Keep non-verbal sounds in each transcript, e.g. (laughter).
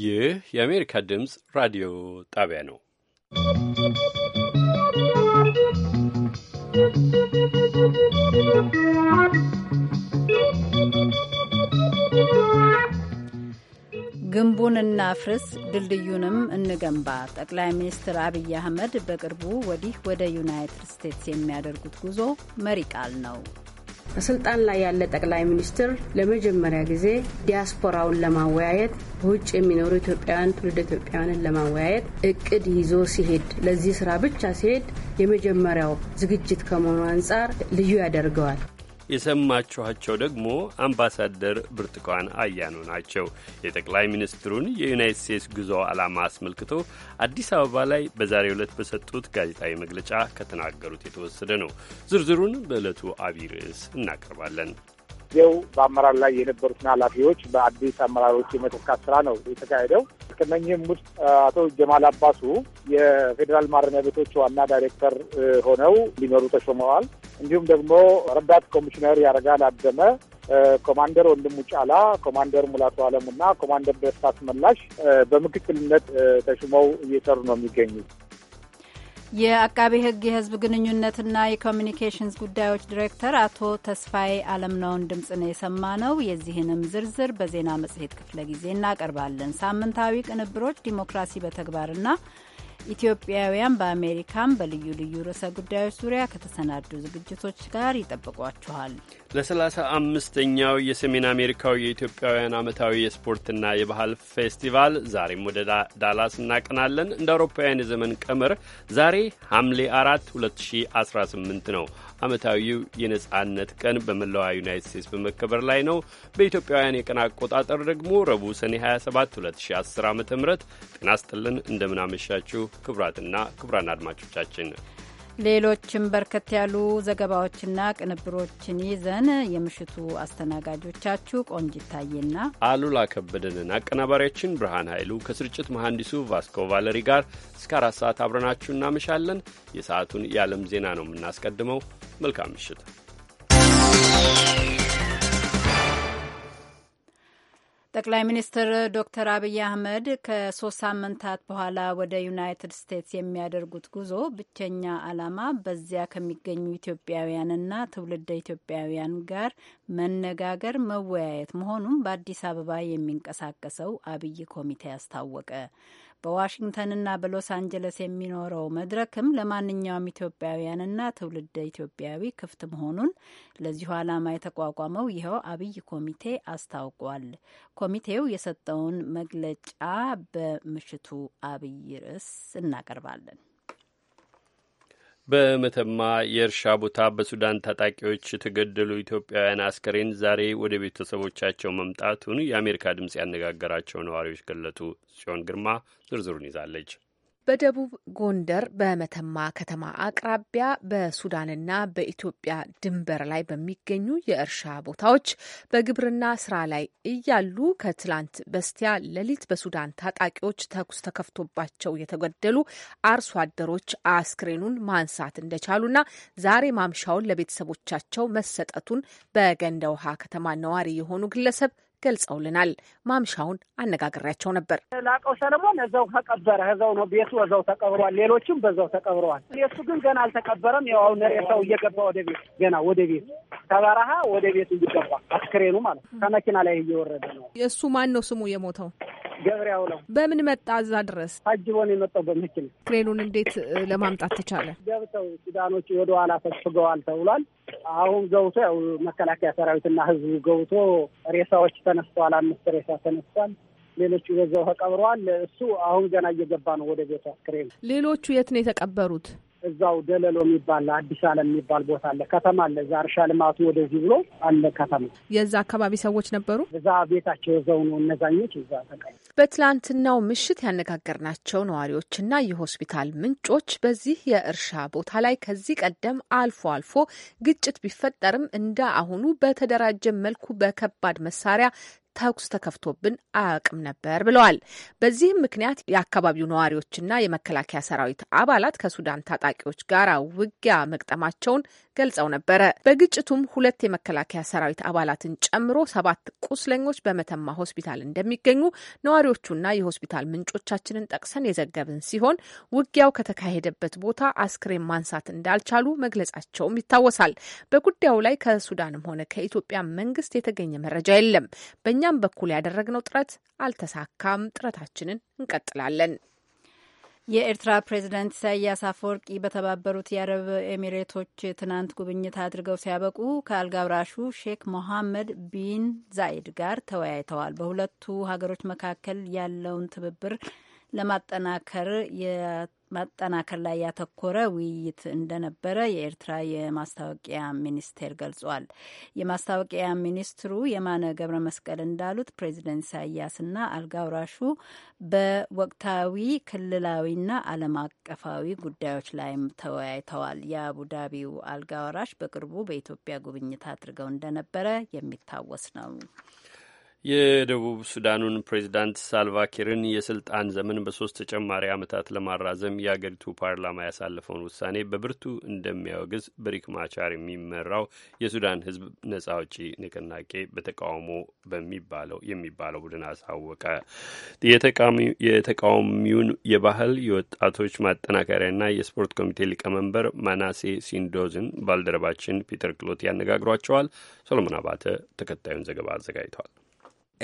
ይህ የአሜሪካ ድምፅ ራዲዮ ጣቢያ ነው። ግንቡን እናፍርስ፣ ድልድዩንም እንገንባ። ጠቅላይ ሚኒስትር አብይ አህመድ በቅርቡ ወዲህ ወደ ዩናይትድ ስቴትስ የሚያደርጉት ጉዞ መሪ ቃል ነው። በስልጣን ላይ ያለ ጠቅላይ ሚኒስትር ለመጀመሪያ ጊዜ ዲያስፖራውን ለማወያየት በውጭ የሚኖሩ ኢትዮጵያውያን ትውልድ ኢትዮጵያውያንን ለማወያየት እቅድ ይዞ ሲሄድ ለዚህ ስራ ብቻ ሲሄድ የመጀመሪያው ዝግጅት ከመሆኑ አንጻር ልዩ ያደርገዋል። የሰማችኋቸው ደግሞ አምባሳደር ብርቱካን አያኑ ናቸው። የጠቅላይ ሚኒስትሩን የዩናይት ስቴትስ ጉዞ ዓላማ አስመልክቶ አዲስ አበባ ላይ በዛሬው ዕለት በሰጡት ጋዜጣዊ መግለጫ ከተናገሩት የተወሰደ ነው። ዝርዝሩን በዕለቱ አቢይ ርዕስ እናቀርባለን። ጊዜው በአመራር ላይ የነበሩትን ኃላፊዎች በአዲስ አመራሮች የመተካት ስራ ነው የተካሄደው። ከነኚህም ውስጥ አቶ ጀማል አባሱ የፌዴራል ማረሚያ ቤቶች ዋና ዳይሬክተር ሆነው ሊመሩ ተሾመዋል። እንዲሁም ደግሞ ረዳት ኮሚሽነር ያረጋል አደመ፣ ኮማንደር ወንድሙ ጫላ፣ ኮማንደር ሙላቱ አለሙና ኮማንደር ደስታ አስመላሽ በምክትልነት ተሹመው እየሰሩ ነው የሚገኙት። የአቃቤ ሕግ የህዝብ ግንኙነትና የኮሚኒኬሽንስ ጉዳዮች ዲሬክተር አቶ ተስፋዬ አለምነውን ድምፅ ነው የሰማ ነው። የዚህንም ዝርዝር በዜና መጽሔት ክፍለ ጊዜ እናቀርባለን። ሳምንታዊ ቅንብሮች ዲሞክራሲ በተግባርና ኢትዮጵያውያን በአሜሪካም በልዩ ልዩ ርዕሰ ጉዳዮች ዙሪያ ከተሰናዱ ዝግጅቶች ጋር ይጠብቋችኋል። ለሰላሳ አምስተኛው የሰሜን አሜሪካው የኢትዮጵያውያን ዓመታዊ የስፖርትና የባህል ፌስቲቫል ዛሬም ወደ ዳላስ እናቀናለን። እንደ አውሮፓውያን የዘመን ቀመር ዛሬ ሐምሌ አራት 2018 ነው። ዓመታዊው የነጻነት ቀን በመላዋ ዩናይት ስቴትስ በመከበር ላይ ነው። በኢትዮጵያውያን የቀን አቆጣጠር ደግሞ ረቡዕ ሰኔ 27 2010 ዓ ም ጤና ስጥልን እንደምናመሻችሁ ክቡራትና ክቡራን አድማጮቻችን ሌሎችም በርከት ያሉ ዘገባዎችና ቅንብሮችን ይዘን የምሽቱ አስተናጋጆቻችሁ ቆንጅ ይታየና አሉላ ከበደንን አቀናባሪያችን ብርሃን ኃይሉ ከስርጭት መሐንዲሱ ቫስኮ ቫለሪ ጋር እስከ አራት ሰዓት አብረናችሁ እናመሻለን። የሰዓቱን የዓለም ዜና ነው የምናስቀድመው። መልካም ምሽት። ጠቅላይ ሚኒስትር ዶክተር አብይ አህመድ ከሶስት ሳምንታት በኋላ ወደ ዩናይትድ ስቴትስ የሚያደርጉት ጉዞ ብቸኛ ዓላማ በዚያ ከሚገኙ ኢትዮጵያውያንና ትውልደ ኢትዮጵያውያን ጋር መነጋገር፣ መወያየት መሆኑም በአዲስ አበባ የሚንቀሳቀሰው አብይ ኮሚቴ አስታወቀ። በዋሽንግተንና በሎስ አንጀለስ የሚኖረው መድረክም ለማንኛውም ኢትዮጵያውያንና ትውልደ ኢትዮጵያዊ ክፍት መሆኑን ለዚሁ ዓላማ የተቋቋመው ይኸው አብይ ኮሚቴ አስታውቋል። ኮሚቴው የሰጠውን መግለጫ በምሽቱ አብይ ርዕስ እናቀርባለን። በመተማ የእርሻ ቦታ በሱዳን ታጣቂዎች የተገደሉ ኢትዮጵያውያን አስከሬን ዛሬ ወደ ቤተሰቦቻቸው መምጣቱን የአሜሪካ ድምፅ ያነጋገራቸው ነዋሪዎች ገለጡ። ጽዮን ግርማ ዝርዝሩን ይዛለች። በደቡብ ጎንደር በመተማ ከተማ አቅራቢያ በሱዳንና በኢትዮጵያ ድንበር ላይ በሚገኙ የእርሻ ቦታዎች በግብርና ስራ ላይ እያሉ ከትላንት በስቲያ ሌሊት በሱዳን ታጣቂዎች ተኩስ ተከፍቶባቸው የተገደሉ አርሶ አደሮች አስክሬኑን ማንሳት እንደቻሉና ዛሬ ማምሻውን ለቤተሰቦቻቸው መሰጠቱን በገንደ ውሃ ከተማ ነዋሪ የሆኑ ግለሰብ ገልጸውልናል። ማምሻውን አነጋግሬያቸው ነበር። ላቀው ሰለሞን እዛው ተቀበረ። እዛው ነው ቤቱ፣ እዛው ተቀብሯል። ሌሎችም በዛው ተቀብረዋል። የሱ ግን ገና አልተቀበረም። ያው አሁን ሬሳው እየገባ ወደ ቤት ገና ወደ ቤት ከበረሀ ወደ ቤት እየገባ አስክሬኑ ማለት ከመኪና ላይ እየወረደ ነው። እሱ ማን ነው ስሙ የሞተው? ገብሪያው ነው። በምን መጣ እዛ ድረስ? አጅቦን የመጣው በመኪና። አስክሬኑን እንዴት ለማምጣት ተቻለ? ገብተው ሱዳኖች ወደኋላ ፈግፍገዋል ተብሏል። አሁን ገብቶ ያው መከላከያ ሰራዊትና ህዝቡ ገብቶ ሬሳዎች ተነስተዋል። አምስት ሬሳ ተነስቷል። ሌሎቹ በዛው ተቀብረዋል። እሱ አሁን ገና እየገባ ነው ወደ ቤቷ ክሬም። ሌሎቹ የት ነው የተቀበሩት? እዛው ደለሎ የሚባል አዲስ አለም የሚባል ቦታ አለ፣ ከተማ አለ። እዛ እርሻ ልማቱ ወደዚህ ብሎ አለ ከተማ። የዛ አካባቢ ሰዎች ነበሩ። እዛ ቤታቸው የዘው ነው እነዛኞች እዛ ተቀ በትላንትናው ምሽት ያነጋገርናቸው ነዋሪዎችና የሆስፒታል ምንጮች በዚህ የእርሻ ቦታ ላይ ከዚህ ቀደም አልፎ አልፎ ግጭት ቢፈጠርም እንደ አሁኑ በተደራጀ መልኩ በከባድ መሳሪያ ተኩስ ተከፍቶብን አያውቅም ነበር ብለዋል። በዚህም ምክንያት የአካባቢው ነዋሪዎችና የመከላከያ ሰራዊት አባላት ከሱዳን ታጣቂዎች ጋር ውጊያ መቅጠማቸውን ገልጸው ነበረ። በግጭቱም ሁለት የመከላከያ ሰራዊት አባላትን ጨምሮ ሰባት ቁስለኞች በመተማ ሆስፒታል እንደሚገኙ ነዋሪዎቹና የሆስፒታል ምንጮቻችንን ጠቅሰን የዘገብን ሲሆን ውጊያው ከተካሄደበት ቦታ አስክሬን ማንሳት እንዳልቻሉ መግለጻቸውም ይታወሳል። በጉዳዩ ላይ ከሱዳንም ሆነ ከኢትዮጵያ መንግስት የተገኘ መረጃ የለም። በእኛ በእኛም በኩል ያደረግነው ጥረት አልተሳካም። ጥረታችንን እንቀጥላለን። የኤርትራ ፕሬዚደንት ኢሳያስ አፈወርቂ በተባበሩት የአረብ ኤሚሬቶች ትናንት ጉብኝት አድርገው ሲያበቁ ከአልጋብራሹ ሼክ ሞሐመድ ቢን ዛይድ ጋር ተወያይተዋል። በሁለቱ ሀገሮች መካከል ያለውን ትብብር ለማጠናከር ማጠናከር ላይ ያተኮረ ውይይት እንደነበረ የኤርትራ የማስታወቂያ ሚኒስቴር ገልጿል። የማስታወቂያ ሚኒስትሩ የማነ ገብረ መስቀል እንዳሉት ፕሬዚደንት ኢሳያስና አልጋውራሹ በወቅታዊ ክልላዊና ዓለም አቀፋዊ ጉዳዮች ላይም ተወያይተዋል። የአቡዳቢው አልጋውራሽ በቅርቡ በኢትዮጵያ ጉብኝት አድርገው እንደነበረ የሚታወስ ነው። የደቡብ ሱዳኑን ፕሬዚዳንት ሳልቫኪርን የስልጣን ዘመን በሶስት ተጨማሪ ዓመታት ለማራዘም የአገሪቱ ፓርላማ ያሳለፈውን ውሳኔ በብርቱ እንደሚያወግዝ በሪክ ማቻር የሚመራው የሱዳን ሕዝብ ነጻ አውጪ ንቅናቄ በተቃውሞ በሚባለው የሚባለው ቡድን አሳወቀ። የተቃዋሚውን የባህል የወጣቶች ማጠናከሪያና የስፖርት ኮሚቴ ሊቀመንበር ማናሴ ሲንዶዝን ባልደረባችን ፒተር ክሎት ያነጋግሯቸዋል። ሶሎሞን አባተ ተከታዩን ዘገባ አዘጋጅተዋል።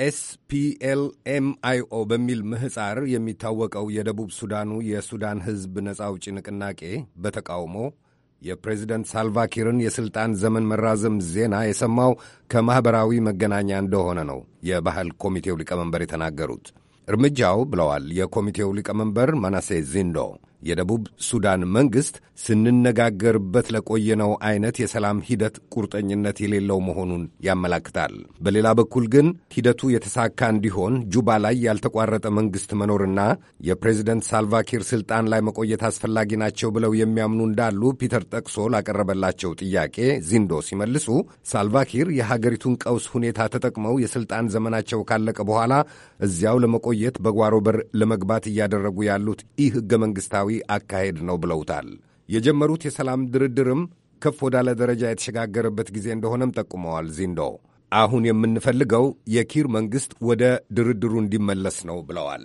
ኤስፒኤልኤምአይኦ በሚል ምህፃር የሚታወቀው የደቡብ ሱዳኑ የሱዳን ሕዝብ ነጻ አውጪ ንቅናቄ በተቃውሞ የፕሬዚደንት ሳልቫኪርን የሥልጣን ዘመን መራዘም ዜና የሰማው ከማኅበራዊ መገናኛ እንደሆነ ነው የባህል ኮሚቴው ሊቀመንበር የተናገሩት። እርምጃው ብለዋል የኮሚቴው ሊቀመንበር መናሴ ዚንዶ የደቡብ ሱዳን መንግሥት ስንነጋገርበት ለቆየነው አይነት የሰላም ሂደት ቁርጠኝነት የሌለው መሆኑን ያመላክታል። በሌላ በኩል ግን ሂደቱ የተሳካ እንዲሆን ጁባ ላይ ያልተቋረጠ መንግሥት መኖርና የፕሬዚደንት ሳልቫኪር ስልጣን ላይ መቆየት አስፈላጊ ናቸው ብለው የሚያምኑ እንዳሉ ፒተር ጠቅሶ ላቀረበላቸው ጥያቄ ዚንዶ ሲመልሱ ሳልቫኪር የሀገሪቱን ቀውስ ሁኔታ ተጠቅመው የስልጣን ዘመናቸው ካለቀ በኋላ እዚያው ለመቆየት በጓሮ በር ለመግባት እያደረጉ ያሉት ይህ ሕገ መንግሥታዊ አካሄድ ነው ብለውታል። የጀመሩት የሰላም ድርድርም ከፍ ወዳለ ደረጃ የተሸጋገረበት ጊዜ እንደሆነም ጠቁመዋል። ዚንዶ አሁን የምንፈልገው የኪር መንግስት ወደ ድርድሩ እንዲመለስ ነው ብለዋል።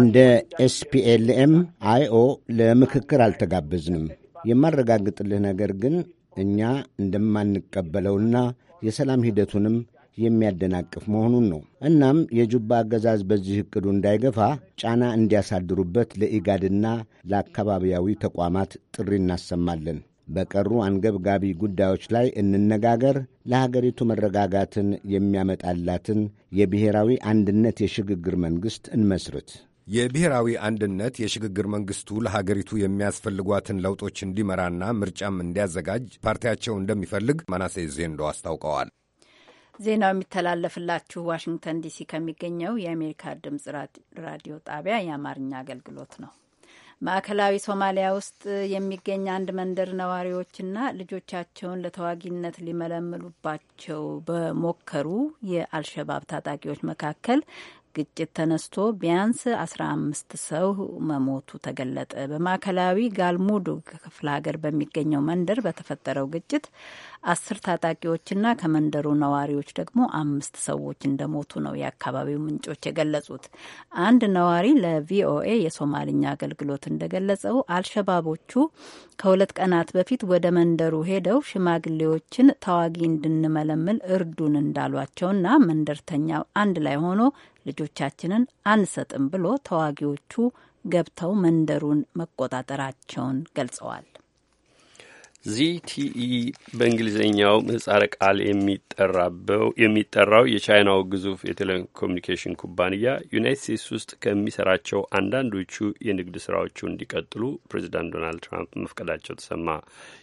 እንደ ኤስፒኤልኤም አይኦ ለምክክር አልተጋበዝንም። የማረጋግጥልህ ነገር ግን እኛ እንደማንቀበለውና የሰላም ሂደቱንም የሚያደናቅፍ መሆኑን ነው። እናም የጁባ አገዛዝ በዚህ እቅዱ እንዳይገፋ ጫና እንዲያሳድሩበት ለኢጋድና ለአካባቢያዊ ተቋማት ጥሪ እናሰማለን። በቀሩ አንገብጋቢ ጉዳዮች ላይ እንነጋገር። ለሀገሪቱ መረጋጋትን የሚያመጣላትን የብሔራዊ አንድነት የሽግግር መንግሥት እንመስርት። የብሔራዊ አንድነት የሽግግር መንግሥቱ ለሀገሪቱ የሚያስፈልጓትን ለውጦች እንዲመራና ምርጫም እንዲያዘጋጅ ፓርቲያቸው እንደሚፈልግ መናሴ ዜንዶ አስታውቀዋል። ዜናው የሚተላለፍላችሁ ዋሽንግተን ዲሲ ከሚገኘው የአሜሪካ ድምጽ ራዲዮ ጣቢያ የአማርኛ አገልግሎት ነው። ማዕከላዊ ሶማሊያ ውስጥ የሚገኝ አንድ መንደር ነዋሪዎችና ልጆቻቸውን ለተዋጊነት ሊመለምሉባቸው በሞከሩ የአልሸባብ ታጣቂዎች መካከል ግጭት ተነስቶ ቢያንስ 15 ሰው መሞቱ ተገለጠ። በማዕከላዊ ጋልሙዱግ ክፍለ ሀገር በሚገኘው መንደር በተፈጠረው ግጭት አስር ታጣቂዎችና ከመንደሩ ነዋሪዎች ደግሞ አምስት ሰዎች እንደሞቱ ነው የአካባቢው ምንጮች የገለጹት። አንድ ነዋሪ ለቪኦኤ የሶማልኛ አገልግሎት እንደገለጸው አልሸባቦቹ ከሁለት ቀናት በፊት ወደ መንደሩ ሄደው ሽማግሌዎችን ተዋጊ እንድንመለምል እርዱን እንዳሏቸውና መንደርተኛው አንድ ላይ ሆኖ ልጆቻችንን አንሰጥም ብሎ ተዋጊዎቹ ገብተው መንደሩን መቆጣጠራቸውን ገልጸዋል። ዚቲኢ በእንግሊዝኛው ምህጻረ ቃል የሚጠራው የቻይናው ግዙፍ የቴሌኮሙኒኬሽን ኩባንያ ዩናይት ስቴትስ ውስጥ ከሚሰራቸው አንዳንዶቹ የንግድ ስራዎቹ እንዲቀጥሉ ፕሬዚዳንት ዶናልድ ትራምፕ መፍቀዳቸው ተሰማ።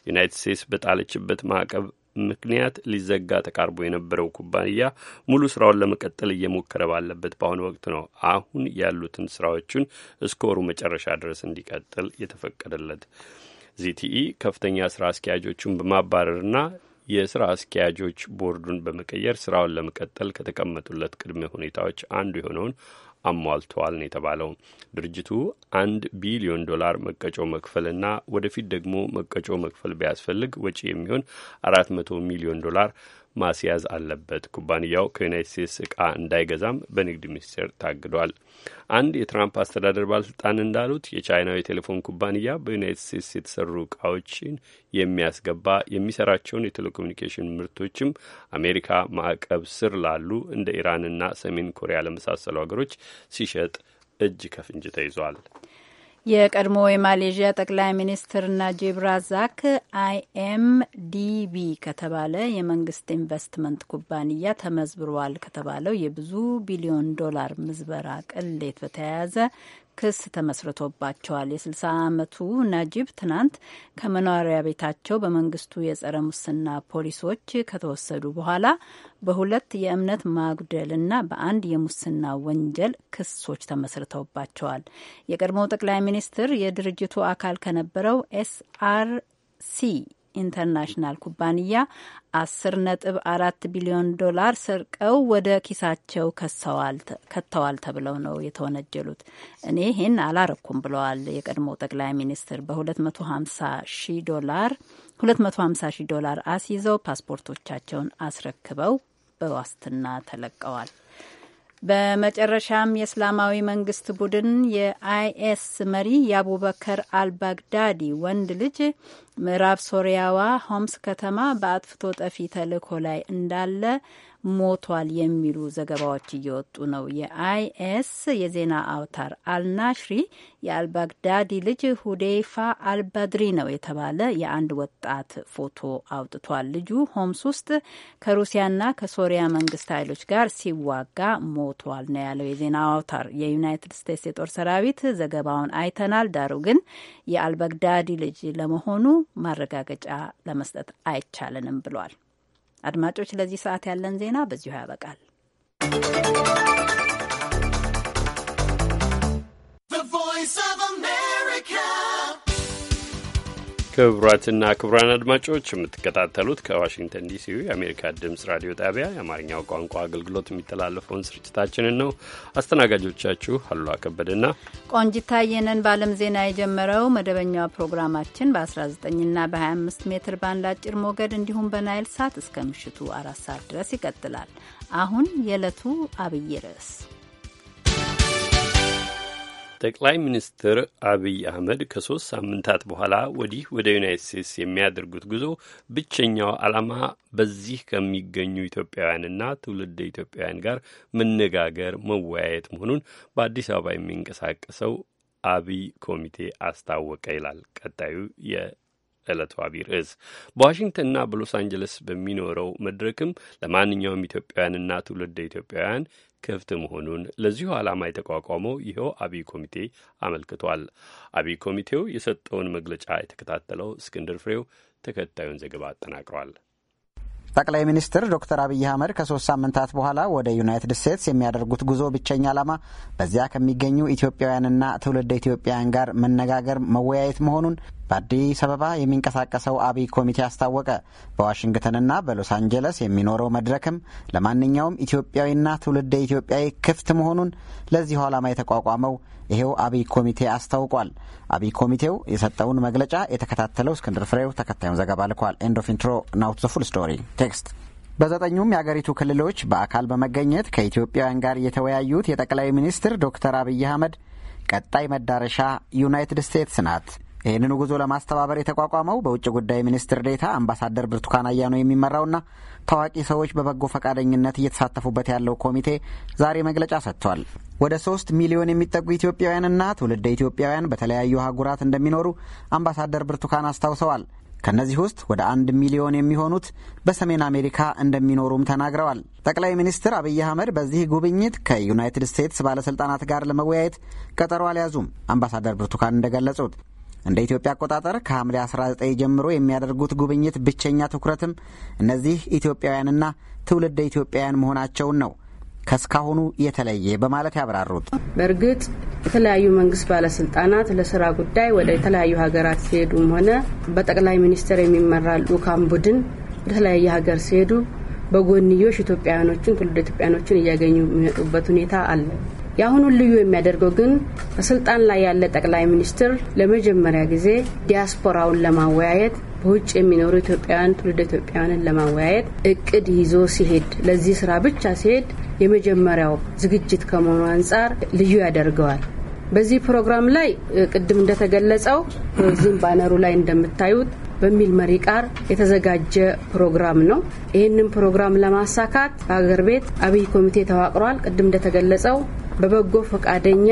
ዩናይት ስቴትስ በጣለችበት ማዕቀብ ምክንያት ሊዘጋ ተቃርቦ የነበረው ኩባንያ ሙሉ ስራውን ለመቀጠል እየሞከረ ባለበት በአሁኑ ወቅት ነው አሁን ያሉትን ስራዎቹን እስከ ወሩ መጨረሻ ድረስ እንዲቀጥል የተፈቀደለት። ዚቲኢ ከፍተኛ ስራ አስኪያጆቹን በማባረርና የስራ አስኪያጆች ቦርዱን በመቀየር ስራውን ለመቀጠል ከተቀመጡለት ቅድመ ሁኔታዎች አንዱ የሆነውን አሟልተዋል ነው የተባለው። ድርጅቱ አንድ ቢሊዮን ዶላር መቀጮ መክፈልና ወደፊት ደግሞ መቀጮ መክፈል ቢያስፈልግ ወጪ የሚሆን አራት መቶ ሚሊዮን ዶላር ማስያዝ አለበት። ኩባንያው ከዩናይት ስቴትስ እቃ እንዳይገዛም በንግድ ሚኒስቴር ታግዷል። አንድ የትራምፕ አስተዳደር ባለስልጣን እንዳሉት የቻይናው የቴሌፎን ኩባንያ በዩናይት ስቴትስ የተሰሩ እቃዎችን የሚያስገባ የሚሰራቸውን የቴሌኮሙኒኬሽን ምርቶችም አሜሪካ ማዕቀብ ስር ላሉ እንደ ኢራንና ሰሜን ኮሪያ ለመሳሰሉ ሀገሮች ሲሸጥ እጅ ከፍንጅ ተይዟል። የቀድሞ የማሌዥያ ጠቅላይ ሚኒስትር ናጂብ ራዛክ አይኤምዲቢ ከተባለ የመንግስት ኢንቨስትመንት ኩባንያ ተመዝብሯል ከተባለው የብዙ ቢሊዮን ዶላር ምዝበራ ቅሌት በተያያዘ ክስ ተመስርቶባቸዋል። የ60 ዓመቱ ናጂብ ትናንት ከመኖሪያ ቤታቸው በመንግስቱ የጸረ ሙስና ፖሊሶች ከተወሰዱ በኋላ በሁለት የእምነት ማጉደልና በአንድ የሙስና ወንጀል ክሶች ተመስርተውባቸዋል። የቀድሞው ጠቅላይ ሚኒስትር የድርጅቱ አካል ከነበረው ኤስአርሲ ኢንተርናሽናል ኩባንያ አስር ነጥብ አራት ቢሊዮን ዶላር ስርቀው ወደ ኪሳቸው ከተዋል ተብለው ነው የተወነጀሉት። እኔ ይህን አላረኩም ብለዋል የቀድሞ ጠቅላይ ሚኒስትር በ250 ሺህ ዶላር 250 ሺህ ዶላር አስይዘው ፓስፖርቶቻቸውን አስረክበው በዋስትና ተለቀዋል። በመጨረሻም የእስላማዊ መንግስት ቡድን የአይኤስ መሪ የአቡበከር አልባግዳዲ ወንድ ልጅ ምዕራብ ሶሪያዋ ሆምስ ከተማ በአጥፍቶ ጠፊ ተልእኮ ላይ እንዳለ ሞቷል የሚሉ ዘገባዎች እየወጡ ነው። የአይኤስ የዜና አውታር አልናሽሪ የአልባግዳዲ ልጅ ሁዴይፋ አልበድሪ ነው የተባለ የአንድ ወጣት ፎቶ አውጥቷል። ልጁ ሆምስ ውስጥ ከሩሲያና ከሶሪያ መንግስት ኃይሎች ጋር ሲዋጋ ሞቷል ነው ያለው የዜና አውታር። የዩናይትድ ስቴትስ የጦር ሰራዊት ዘገባውን አይተናል፣ ዳሩ ግን የአልባግዳዲ ልጅ ለመሆኑ ማረጋገጫ ለመስጠት አይቻለንም ብሏል። አድማጮች፣ ለዚህ ሰዓት ያለን ዜና በዚሁ ያበቃል። ክቡራትና ክቡራን አድማጮች የምትከታተሉት ከዋሽንግተን ዲሲ የአሜሪካ ድምጽ ራዲዮ ጣቢያ የአማርኛው ቋንቋ አገልግሎት የሚተላለፈውን ስርጭታችንን ነው። አስተናጋጆቻችሁ አሉላ ከበደና ቆንጂት የነን። በዓለም ዜና የጀመረው መደበኛው ፕሮግራማችን በ19ና በ25 ሜትር ባንድ አጭር ሞገድ እንዲሁም በናይል ሳት እስከ ምሽቱ አራት ሰዓት ድረስ ይቀጥላል። አሁን የዕለቱ አብይ ርዕስ ጠቅላይ ሚኒስትር አብይ አህመድ ከሶስት ሳምንታት በኋላ ወዲህ ወደ ዩናይት ስቴትስ የሚያደርጉት ጉዞ ብቸኛው ዓላማ በዚህ ከሚገኙ ኢትዮጵያውያንና ትውልደ ኢትዮጵያውያን ጋር መነጋገር፣ መወያየት መሆኑን በአዲስ አበባ የሚንቀሳቀሰው አብይ ኮሚቴ አስታወቀ ይላል ቀጣዩ ዕለቱ አብይ ርዕስ። በዋሽንግተንና በሎስ አንጀለስ በሚኖረው መድረክም ለማንኛውም ኢትዮጵያውያንና ትውልደ ኢትዮጵያውያን ክፍት መሆኑን ለዚሁ ዓላማ የተቋቋመው ይኸው አብይ ኮሚቴ አመልክቷል። አብይ ኮሚቴው የሰጠውን መግለጫ የተከታተለው እስክንድር ፍሬው ተከታዩን ዘገባ አጠናቅሯል። ጠቅላይ ሚኒስትር ዶክተር አብይ አህመድ ከሶስት ሳምንታት በኋላ ወደ ዩናይትድ ስቴትስ የሚያደርጉት ጉዞ ብቸኛ ዓላማ በዚያ ከሚገኙ ኢትዮጵያውያንና ትውልድ ኢትዮጵያውያን ጋር መነጋገር፣ መወያየት መሆኑን በአዲስ አበባ የሚንቀሳቀሰው አብይ ኮሚቴ አስታወቀ። በዋሽንግተንና በሎስ አንጀለስ የሚኖረው መድረክም ለማንኛውም ኢትዮጵያዊና ትውልደ ኢትዮጵያዊ ክፍት መሆኑን ለዚሁ ዓላማ የተቋቋመው ይሄው አብይ ኮሚቴ አስታውቋል። አብይ ኮሚቴው የሰጠውን መግለጫ የተከታተለው እስክንድር ፍሬው ተከታዩን ዘገባ ልኳል። ኤንድ ኦፍ ኢንትሮ ናውት ዘ ፉል ስቶሪ ቴክስት በዘጠኙም የአገሪቱ ክልሎች በአካል በመገኘት ከኢትዮጵያውያን ጋር የተወያዩት የጠቅላይ ሚኒስትር ዶክተር አብይ አህመድ ቀጣይ መዳረሻ ዩናይትድ ስቴትስ ናት ይህንኑ ጉዞ ለማስተባበር የተቋቋመው በውጭ ጉዳይ ሚኒስትር ዴታ አምባሳደር ብርቱካን አያኖ የሚመራውና ታዋቂ ሰዎች በበጎ ፈቃደኝነት እየተሳተፉበት ያለው ኮሚቴ ዛሬ መግለጫ ሰጥቷል። ወደ ሶስት ሚሊዮን የሚጠጉ ኢትዮጵያውያንና ትውልደ ኢትዮጵያውያን በተለያዩ አህጉራት እንደሚኖሩ አምባሳደር ብርቱካን አስታውሰዋል። ከእነዚህ ውስጥ ወደ አንድ ሚሊዮን የሚሆኑት በሰሜን አሜሪካ እንደሚኖሩም ተናግረዋል። ጠቅላይ ሚኒስትር አብይ አህመድ በዚህ ጉብኝት ከዩናይትድ ስቴትስ ባለስልጣናት ጋር ለመወያየት ቀጠሮ አልያዙም። አምባሳደር ብርቱካን እንደገለጹት እንደ ኢትዮጵያ አቆጣጠር ከሐምሌ 19 ጀምሮ የሚያደርጉት ጉብኝት ብቸኛ ትኩረትም እነዚህ ኢትዮጵያውያንና ትውልደ ኢትዮጵያውያን መሆናቸውን ነው ከስካሁኑ የተለየ በማለት ያብራሩት። በእርግጥ የተለያዩ መንግስት ባለስልጣናት ለስራ ጉዳይ ወደ የተለያዩ ሀገራት ሲሄዱም ሆነ በጠቅላይ ሚኒስትር የሚመራ ልኡካን ቡድን በተለያየ ሀገር ሲሄዱ በጎንዮሽ ኢትዮጵያውያኖችን ትውልደ ኢትዮጵያውያኖችን እያገኙ የሚመጡበት ሁኔታ አለ። የአሁኑን ልዩ የሚያደርገው ግን በስልጣን ላይ ያለ ጠቅላይ ሚኒስትር ለመጀመሪያ ጊዜ ዲያስፖራውን ለማወያየት በውጭ የሚኖሩ ኢትዮጵያውያን ትውልድ ኢትዮጵያውያንን ለማወያየት እቅድ ይዞ ሲሄድ ለዚህ ስራ ብቻ ሲሄድ የመጀመሪያው ዝግጅት ከመሆኑ አንጻር ልዩ ያደርገዋል። በዚህ ፕሮግራም ላይ ቅድም እንደተገለጸው በዚህም ባነሩ ላይ እንደምታዩት በሚል መሪ ቃር የተዘጋጀ ፕሮግራም ነው። ይህንን ፕሮግራም ለማሳካት በሀገር ቤት አብይ ኮሚቴ ተዋቅሯል። ቅድም እንደተገለጸው በበጎ ፈቃደኛ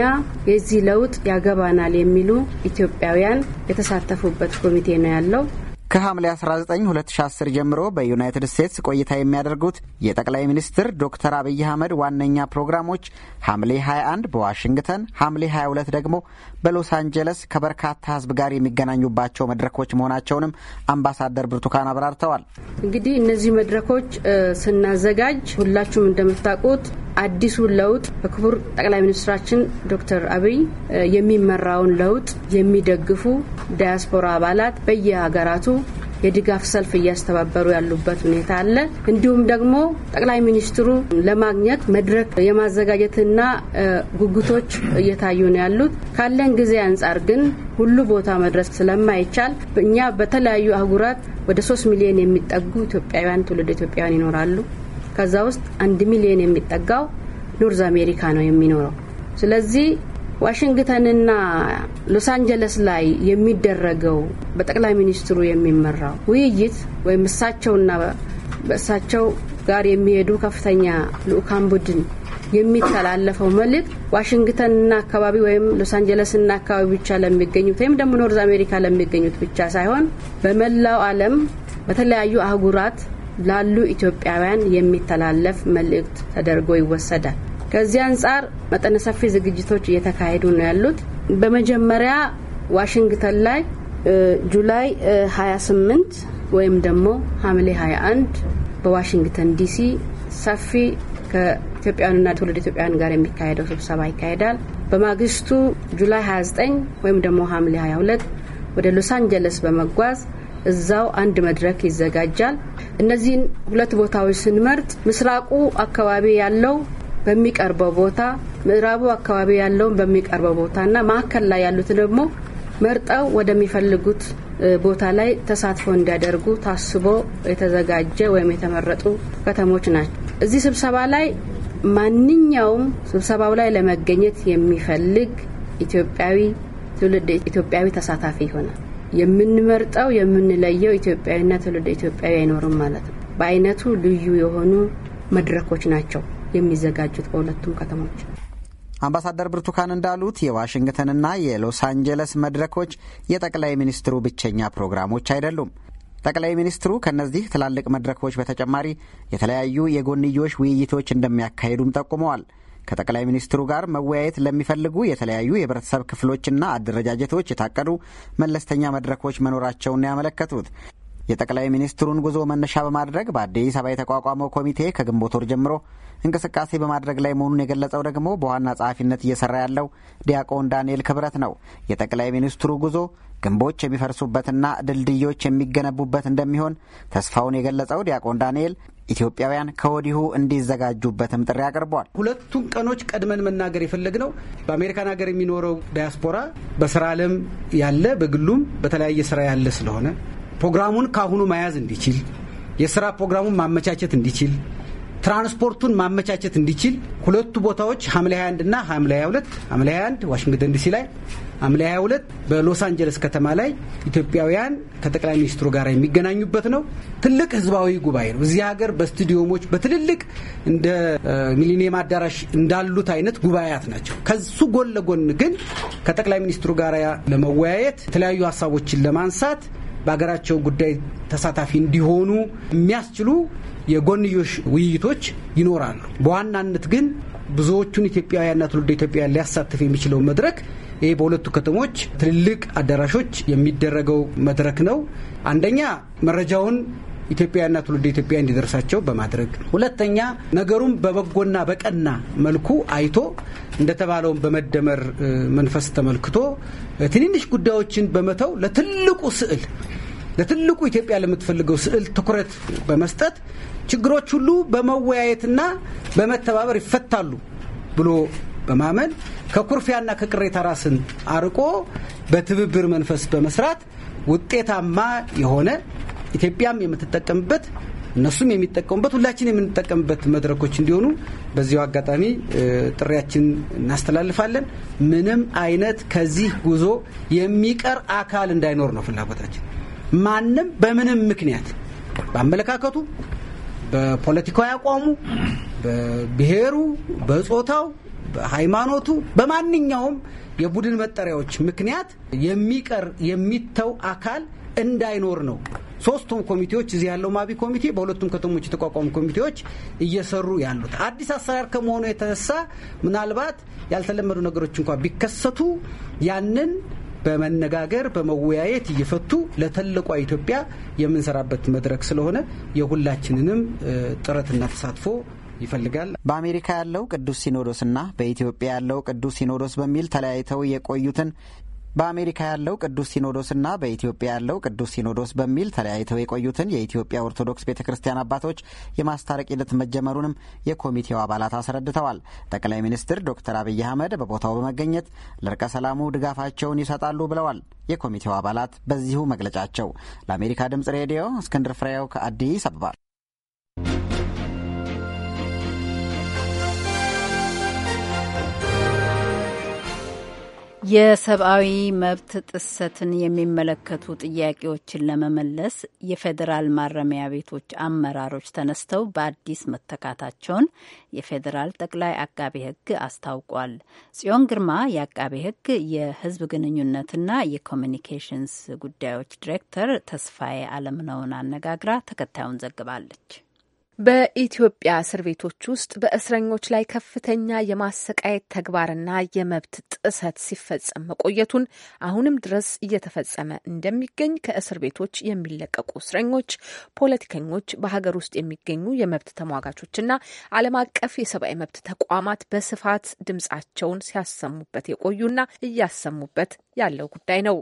የዚህ ለውጥ ያገባናል የሚሉ ኢትዮጵያውያን የተሳተፉበት ኮሚቴ ነው ያለው። ከሐምሌ 19 2010 ጀምሮ በዩናይትድ ስቴትስ ቆይታ የሚያደርጉት የጠቅላይ ሚኒስትር ዶክተር አብይ አህመድ ዋነኛ ፕሮግራሞች ሐምሌ 21 በዋሽንግተን፣ ሐምሌ 22 ደግሞ በሎስ አንጀለስ ከበርካታ ሕዝብ ጋር የሚገናኙባቸው መድረኮች መሆናቸውንም አምባሳደር ብርቱካን አብራርተዋል። እንግዲህ እነዚህ መድረኮች ስናዘጋጅ ሁላችሁም እንደምታውቁት አዲሱን ለውጥ በክቡር ጠቅላይ ሚኒስትራችን ዶክተር አብይ የሚመራውን ለውጥ የሚደግፉ ዳያስፖራ አባላት በየሀገራቱ የድጋፍ ሰልፍ እያስተባበሩ ያሉበት ሁኔታ አለ። እንዲሁም ደግሞ ጠቅላይ ሚኒስትሩ ለማግኘት መድረክ የማዘጋጀትና ጉጉቶች እየታዩ ነው ያሉት። ካለን ጊዜ አንጻር ግን ሁሉ ቦታ መድረስ ስለማይቻል እኛ በተለያዩ አህጉራት ወደ ሶስት ሚሊዮን የሚጠጉ ኢትዮጵያውያን ትውልድ ኢትዮጵያውያን ይኖራሉ። ከዛ ውስጥ አንድ ሚሊዮን የሚጠጋው ኖርዝ አሜሪካ ነው የሚኖረው። ስለዚህ ዋሽንግተንና ሎስ አንጀለስ ላይ የሚደረገው በጠቅላይ ሚኒስትሩ የሚመራው ውይይት ወይም እሳቸውና በእሳቸው ጋር የሚሄዱ ከፍተኛ ልኡካን ቡድን የሚተላለፈው መልእክት ዋሽንግተንና አካባቢ ወይም ሎስ አንጀለስና አካባቢ ብቻ ለሚገኙት ወይም ደግሞ ኖርዝ አሜሪካ ለሚገኙት ብቻ ሳይሆን በመላው ዓለም በተለያዩ አህጉራት ላሉ ኢትዮጵያውያን የሚተላለፍ መልእክት ተደርጎ ይወሰዳል። ከዚህ አንጻር መጠነ ሰፊ ዝግጅቶች እየተካሄዱ ነው ያሉት። በመጀመሪያ ዋሽንግተን ላይ ጁላይ 28 ወይም ደግሞ ሐምሌ 21 በዋሽንግተን ዲሲ ሰፊ ከኢትዮጵያውያንና ትውልድ ኢትዮጵያውያን ጋር የሚካሄደው ስብሰባ ይካሄዳል። በማግስቱ ጁላይ 29 ወይም ደግሞ ሐምሌ 22 ወደ ሎስ አንጀለስ በመጓዝ እዛው አንድ መድረክ ይዘጋጃል። እነዚህን ሁለት ቦታዎች ስንመርጥ ምስራቁ አካባቢ ያለው በሚቀርበው ቦታ ምዕራቡ አካባቢ ያለውን በሚቀርበው ቦታ እና ማዕከል ላይ ያሉት ደግሞ መርጠው ወደሚፈልጉት ቦታ ላይ ተሳትፎ እንዲያደርጉ ታስቦ የተዘጋጀ ወይም የተመረጡ ከተሞች ናቸው። እዚህ ስብሰባ ላይ ማንኛውም ስብሰባው ላይ ለመገኘት የሚፈልግ ኢትዮጵያዊ ትውልድ ኢትዮጵያዊ ተሳታፊ ይሆናል። የምንመርጠው የምንለየው ኢትዮጵያዊና ትውልድ ኢትዮጵያዊ አይኖርም ማለት ነው። በአይነቱ ልዩ የሆኑ መድረኮች ናቸው። የሚዘጋጁት በሁለቱም ከተሞች። አምባሳደር ብርቱካን እንዳሉት የዋሽንግተንና የሎስ አንጀለስ መድረኮች የጠቅላይ ሚኒስትሩ ብቸኛ ፕሮግራሞች አይደሉም። ጠቅላይ ሚኒስትሩ ከእነዚህ ትላልቅ መድረኮች በተጨማሪ የተለያዩ የጎንዮሽ ውይይቶች እንደሚያካሂዱም ጠቁመዋል። ከጠቅላይ ሚኒስትሩ ጋር መወያየት ለሚፈልጉ የተለያዩ የህብረተሰብ ክፍሎችና አደረጃጀቶች የታቀዱ መለስተኛ መድረኮች መኖራቸውን ያመለከቱት የጠቅላይ ሚኒስትሩን ጉዞ መነሻ በማድረግ በአዲስ አበባ የተቋቋመው ኮሚቴ ከግንቦት ወር ጀምሮ እንቅስቃሴ በማድረግ ላይ መሆኑን የገለጸው ደግሞ በዋና ጸሐፊነት እየሰራ ያለው ዲያቆን ዳንኤል ክብረት ነው። የጠቅላይ ሚኒስትሩ ጉዞ ግንቦች የሚፈርሱበትና ድልድዮች የሚገነቡበት እንደሚሆን ተስፋውን የገለጸው ዲያቆን ዳንኤል ኢትዮጵያውያን ከወዲሁ እንዲዘጋጁበትም ጥሪ አቅርቧል። ሁለቱን ቀኖች ቀድመን መናገር የፈለግነው በአሜሪካን ሀገር የሚኖረው ዳያስፖራ በስራ ዓለም ያለ በግሉም በተለያየ ስራ ያለ ስለሆነ ፕሮግራሙን ካሁኑ መያዝ እንዲችል፣ የስራ ፕሮግራሙን ማመቻቸት እንዲችል፣ ትራንስፖርቱን ማመቻቸት እንዲችል ሁለቱ ቦታዎች ሐምሌ 21 እና ሐምሌ 22 ሐምሌ 21 ዋሽንግተን ዲሲ ላይ ሐምሌ 22 በሎስ አንጀለስ ከተማ ላይ ኢትዮጵያውያን ከጠቅላይ ሚኒስትሩ ጋር የሚገናኙበት ነው። ትልቅ ህዝባዊ ጉባኤ ነው። እዚህ ሀገር በስቱዲዮሞች በትልልቅ እንደ ሚሊኒየም አዳራሽ እንዳሉት አይነት ጉባኤያት ናቸው። ከሱ ጎን ለጎን ግን ከጠቅላይ ሚኒስትሩ ጋር ለመወያየት የተለያዩ ሀሳቦችን ለማንሳት በሀገራቸው ጉዳይ ተሳታፊ እንዲሆኑ የሚያስችሉ የጎንዮሽ ውይይቶች ይኖራሉ። በዋናነት ግን ብዙዎቹን ኢትዮጵያውያንና ትውልደ ኢትዮጵያውያን ሊያሳትፍ የሚችለው መድረክ ይሄ በሁለቱ ከተሞች ትልልቅ አዳራሾች የሚደረገው መድረክ ነው። አንደኛ መረጃውን ኢትዮጵያና ትውልድ ኢትዮጵያ እንዲደርሳቸው በማድረግ ሁለተኛ ነገሩን በበጎና በቀና መልኩ አይቶ እንደተባለውን በመደመር መንፈስ ተመልክቶ ትንንሽ ጉዳዮችን በመተው ለትልቁ ስዕል ለትልቁ ኢትዮጵያ ለምትፈልገው ስዕል ትኩረት በመስጠት ችግሮች ሁሉ በመወያየትና በመተባበር ይፈታሉ ብሎ በማመን ከኩርፊያና ከቅሬታ ራስን አርቆ በትብብር መንፈስ በመስራት ውጤታማ የሆነ ኢትዮጵያም የምትጠቀምበት እነሱም የሚጠቀሙበት ሁላችን የምንጠቀምበት መድረኮች እንዲሆኑ በዚሁ አጋጣሚ ጥሪያችን እናስተላልፋለን። ምንም አይነት ከዚህ ጉዞ የሚቀር አካል እንዳይኖር ነው ፍላጎታችን። ማንም በምንም ምክንያት በአመለካከቱ፣ በፖለቲካዊ አቋሙ፣ በብሔሩ፣ በጾታው፣ በሃይማኖቱ፣ በማንኛውም የቡድን መጠሪያዎች ምክንያት የሚቀር የሚተው አካል እንዳይኖር ነው ሶስቱም ኮሚቴዎች እዚህ ያለው ማቢ ኮሚቴ፣ በሁለቱም ከተሞች የተቋቋሙ ኮሚቴዎች እየሰሩ ያሉት አዲስ አሰራር ከመሆኑ የተነሳ ምናልባት ያልተለመዱ ነገሮች እንኳ ቢከሰቱ ያንን በመነጋገር በመወያየት እየፈቱ ለትልቋ ኢትዮጵያ የምንሰራበት መድረክ ስለሆነ የሁላችንንም ጥረትና ተሳትፎ ይፈልጋል። በአሜሪካ ያለው ቅዱስ ሲኖዶስና በኢትዮጵያ ያለው ቅዱስ ሲኖዶስ በሚል ተለያይተው የቆዩትን በአሜሪካ ያለው ቅዱስ ሲኖዶስና በኢትዮጵያ ያለው ቅዱስ ሲኖዶስ በሚል ተለያይተው የቆዩትን የኢትዮጵያ ኦርቶዶክስ ቤተ ክርስቲያን አባቶች የማስታረቅ ሂደት መጀመሩንም የኮሚቴው አባላት አስረድተዋል። ጠቅላይ ሚኒስትር ዶክተር አብይ አህመድ በቦታው በመገኘት ለእርቀ ሰላሙ ድጋፋቸውን ይሰጣሉ ብለዋል የኮሚቴው አባላት በዚሁ መግለጫቸው። ለአሜሪካ ድምጽ ሬዲዮ እስክንድር ፍሬው ከአዲስ አበባ የሰብአዊ መብት ጥሰትን የሚመለከቱ ጥያቄዎችን ለመመለስ የፌዴራል ማረሚያ ቤቶች አመራሮች ተነስተው በአዲስ መተካታቸውን የፌዴራል ጠቅላይ አቃቤ ሕግ አስታውቋል። ጽዮን ግርማ የአቃቤ ሕግ የሕዝብ ግንኙነትና የኮሚኒኬሽንስ ጉዳዮች ዲሬክተር ተስፋዬ አለምነውን አነጋግራ ተከታዩን ዘግባለች። በኢትዮጵያ እስር ቤቶች ውስጥ በእስረኞች ላይ ከፍተኛ የማሰቃየት ተግባርና የመብት ጥሰት ሲፈጸም መቆየቱን አሁንም ድረስ እየተፈጸመ እንደሚገኝ ከእስር ቤቶች የሚለቀቁ እስረኞች፣ ፖለቲከኞች፣ በሀገር ውስጥ የሚገኙ የመብት ተሟጋቾችና ዓለም አቀፍ የሰብአዊ መብት ተቋማት በስፋት ድምጻቸውን ሲያሰሙበት የቆዩና እያሰሙበት ያለው ጉዳይ ነው።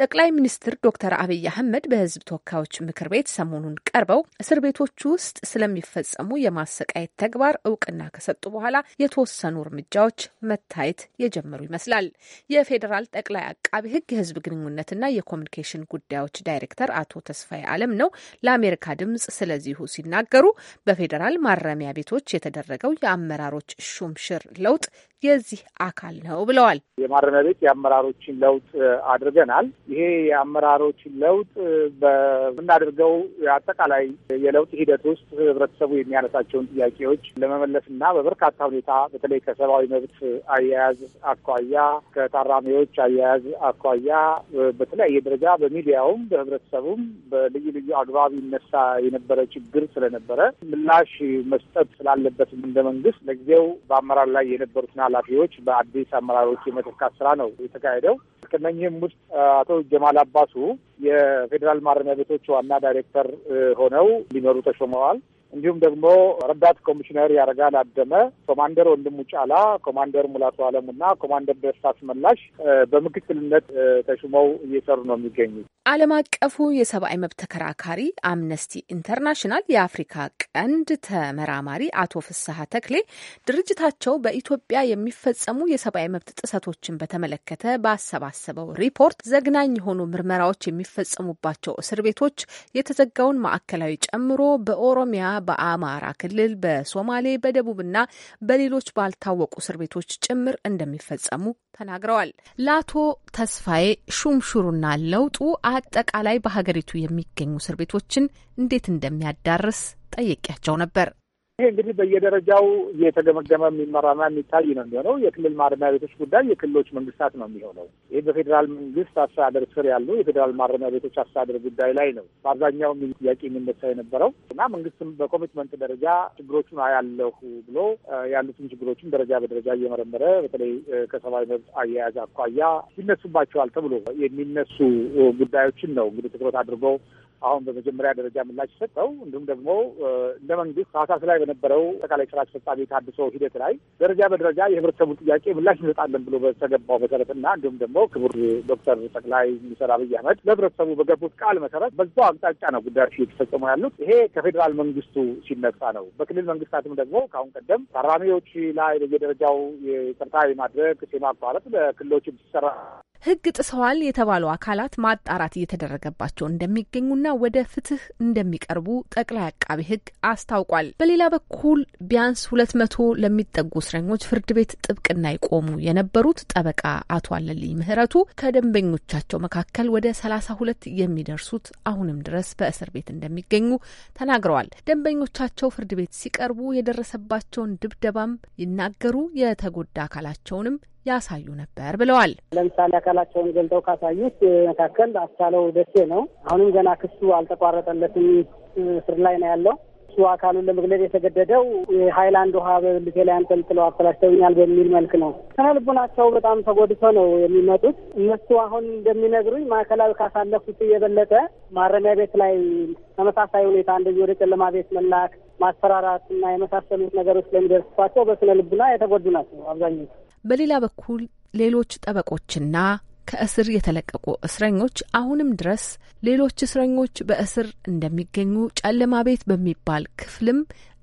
ጠቅላይ ሚኒስትር ዶክተር አብይ አህመድ በህዝብ ተወካዮች ምክር ቤት ሰሞኑን ቀርበው እስር ቤቶች ውስጥ ስለ ለሚፈጸሙ የማሰቃየት ተግባር እውቅና ከሰጡ በኋላ የተወሰኑ እርምጃዎች መታየት የጀመሩ ይመስላል። የፌዴራል ጠቅላይ አቃቢ ሕግ የህዝብ ግንኙነትና የኮሚኒኬሽን ጉዳዮች ዳይሬክተር አቶ ተስፋዬ አለም ነው ለአሜሪካ ድምጽ ስለዚሁ ሲናገሩ በፌዴራል ማረሚያ ቤቶች የተደረገው የአመራሮች ሹምሽር ለውጥ የዚህ አካል ነው ብለዋል። የማረሚያ ቤት የአመራሮችን ለውጥ አድርገናል። ይሄ የአመራሮችን ለውጥ በምናደርገው አጠቃላይ የለውጥ ሂደት ውስጥ ህብረተሰቡ የሚያነሳቸውን ጥያቄዎች ለመመለስና በበርካታ ሁኔታ በተለይ ከሰብአዊ መብት አያያዝ አኳያ፣ ከታራሚዎች አያያዝ አኳያ በተለያየ ደረጃ በሚዲያውም በህብረተሰቡም በልዩ ልዩ አግባብ ይነሳ የነበረ ችግር ስለነበረ ምላሽ መስጠት ስላለበትም እንደ መንግስት ለጊዜው በአመራር ላይ የነበሩትና ኃላፊዎች በአዲስ አመራሮች የመተካት ስራ ነው የተካሄደው። ከነኝህም ውስጥ አቶ ጀማል አባሱ የፌዴራል ማረሚያ ቤቶች ዋና ዳይሬክተር ሆነው ሊመሩ ተሾመዋል። እንዲሁም ደግሞ ረዳት ኮሚሽነር ያረጋል አደመ፣ ኮማንደር ወንድሙ ጫላ፣ ኮማንደር ሙላቱ አለሙና ኮማንደር ደስታ አስመላሽ በምክትልነት ተሹመው እየሰሩ ነው የሚገኙት። ዓለም አቀፉ የሰብአዊ መብት ተከራካሪ አምነስቲ ኢንተርናሽናል የአፍሪካ ቀንድ ተመራማሪ አቶ ፍስሀ ተክሌ ድርጅታቸው በኢትዮጵያ የሚፈጸሙ የሰብአዊ መብት ጥሰቶችን በተመለከተ ባሰባሰበው ሪፖርት ዘግናኝ የሆኑ ምርመራዎች የሚፈጸሙባቸው እስር ቤቶች የተዘጋውን ማዕከላዊ ጨምሮ በኦሮሚያ በአማራ ክልል በሶማሌ በደቡብና በሌሎች ባልታወቁ እስር ቤቶች ጭምር እንደሚፈጸሙ ተናግረዋል። ለአቶ ተስፋዬ ሹምሹሩና ለውጡ አጠቃላይ በሀገሪቱ የሚገኙ እስር ቤቶችን እንዴት እንደሚያዳርስ ጠየቂያቸው ነበር። ይሄ እንግዲህ በየደረጃው እየተገመገመ የሚመራና የሚታይ ነው የሚሆነው። የክልል ማረሚያ ቤቶች ጉዳይ የክልሎች መንግስታት ነው የሚሆነው። ይህ በፌዴራል መንግስት አስተዳደር ስር ያሉ የፌዴራል ማረሚያ ቤቶች አስተዳደር ጉዳይ ላይ ነው በአብዛኛው ጥያቄ የሚነሳ የነበረው እና መንግስትም በኮሚትመንት ደረጃ ችግሮቹን አያለሁ ብሎ ያሉትን ችግሮችን ደረጃ በደረጃ እየመረመረ በተለይ ከሰብአዊ መብት አያያዝ አኳያ ይነሱባቸዋል ተብሎ የሚነሱ ጉዳዮችን ነው እንግዲህ ትኩረት አድርጎ አሁን በመጀመሪያ ደረጃ ምላሽ ሰጠው። እንዲሁም ደግሞ እንደ መንግስት ሀሳስ ላይ በነበረው አጠቃላይ ስራ አስፈጻሚ ታድሶ ሂደት ላይ ደረጃ በደረጃ የህብረተሰቡን ጥያቄ ምላሽ እንሰጣለን ብሎ በተገባው መሰረትና እንዲሁም ደግሞ ክቡር ዶክተር ጠቅላይ ሚኒስትር አብይ አህመድ ለህብረተሰቡ በገቡት ቃል መሰረት በዛው አቅጣጫ ነው ጉዳዮች እየተፈጸሙ ያሉት። ይሄ ከፌዴራል መንግስቱ ሲነሳ ነው። በክልል መንግስታትም ደግሞ ከአሁን ቀደም ታራሚዎች ላይ በየደረጃው ማድረግ ሴማ አቋረጥ ለክልሎችም ሲሰራ ህግ ጥሰዋል የተባሉ አካላት ማጣራት እየተደረገባቸው እንደሚገኙና ወደ ፍትህ እንደሚቀርቡ ጠቅላይ አቃቢ ህግ አስታውቋል። በሌላ በኩል ቢያንስ ሁለት መቶ ለሚጠጉ እስረኞች ፍርድ ቤት ጥብቅና ይቆሙ የነበሩት ጠበቃ አቶ አለልኝ ምህረቱ ከደንበኞቻቸው መካከል ወደ ሰላሳ ሁለት የሚደርሱት አሁንም ድረስ በእስር ቤት እንደሚገኙ ተናግረዋል። ደንበኞቻቸው ፍርድ ቤት ሲቀርቡ የደረሰባቸውን ድብደባም ይናገሩ የተጎዳ አካላቸውንም ያሳዩ ነበር ብለዋል። ለምሳሌ አካላቸውን ገልጠው ካሳዩት መካከል አስቻለው ደሴ ነው። አሁንም ገና ክሱ አልተቋረጠለትም፣ እስር ላይ ነው ያለው። እሱ አካሉን ለመግለጽ የተገደደው የሀይላንድ ውሃ በብልቴ ላይ አንጠልጥለው አፈላሽተውኛል በሚል መልክ ነው። ስነ ልቡናቸው በጣም ተጎድቶ ነው የሚመጡት። እነሱ አሁን እንደሚነግሩኝ ማዕከላዊ ካሳለፉት የበለጠ ማረሚያ ቤት ላይ ተመሳሳይ ሁኔታ እንደዚህ ወደ ጨለማ ቤት መላክ፣ ማስፈራራት እና የመሳሰሉት ነገሮች ስለሚደርስባቸው በስነ ልቡና የተጎዱ ናቸው አብዛኛ በሌላ በኩል ሌሎች ጠበቆችና ከእስር የተለቀቁ እስረኞች አሁንም ድረስ ሌሎች እስረኞች በእስር እንደሚገኙ ጨለማ ቤት በሚባል ክፍልም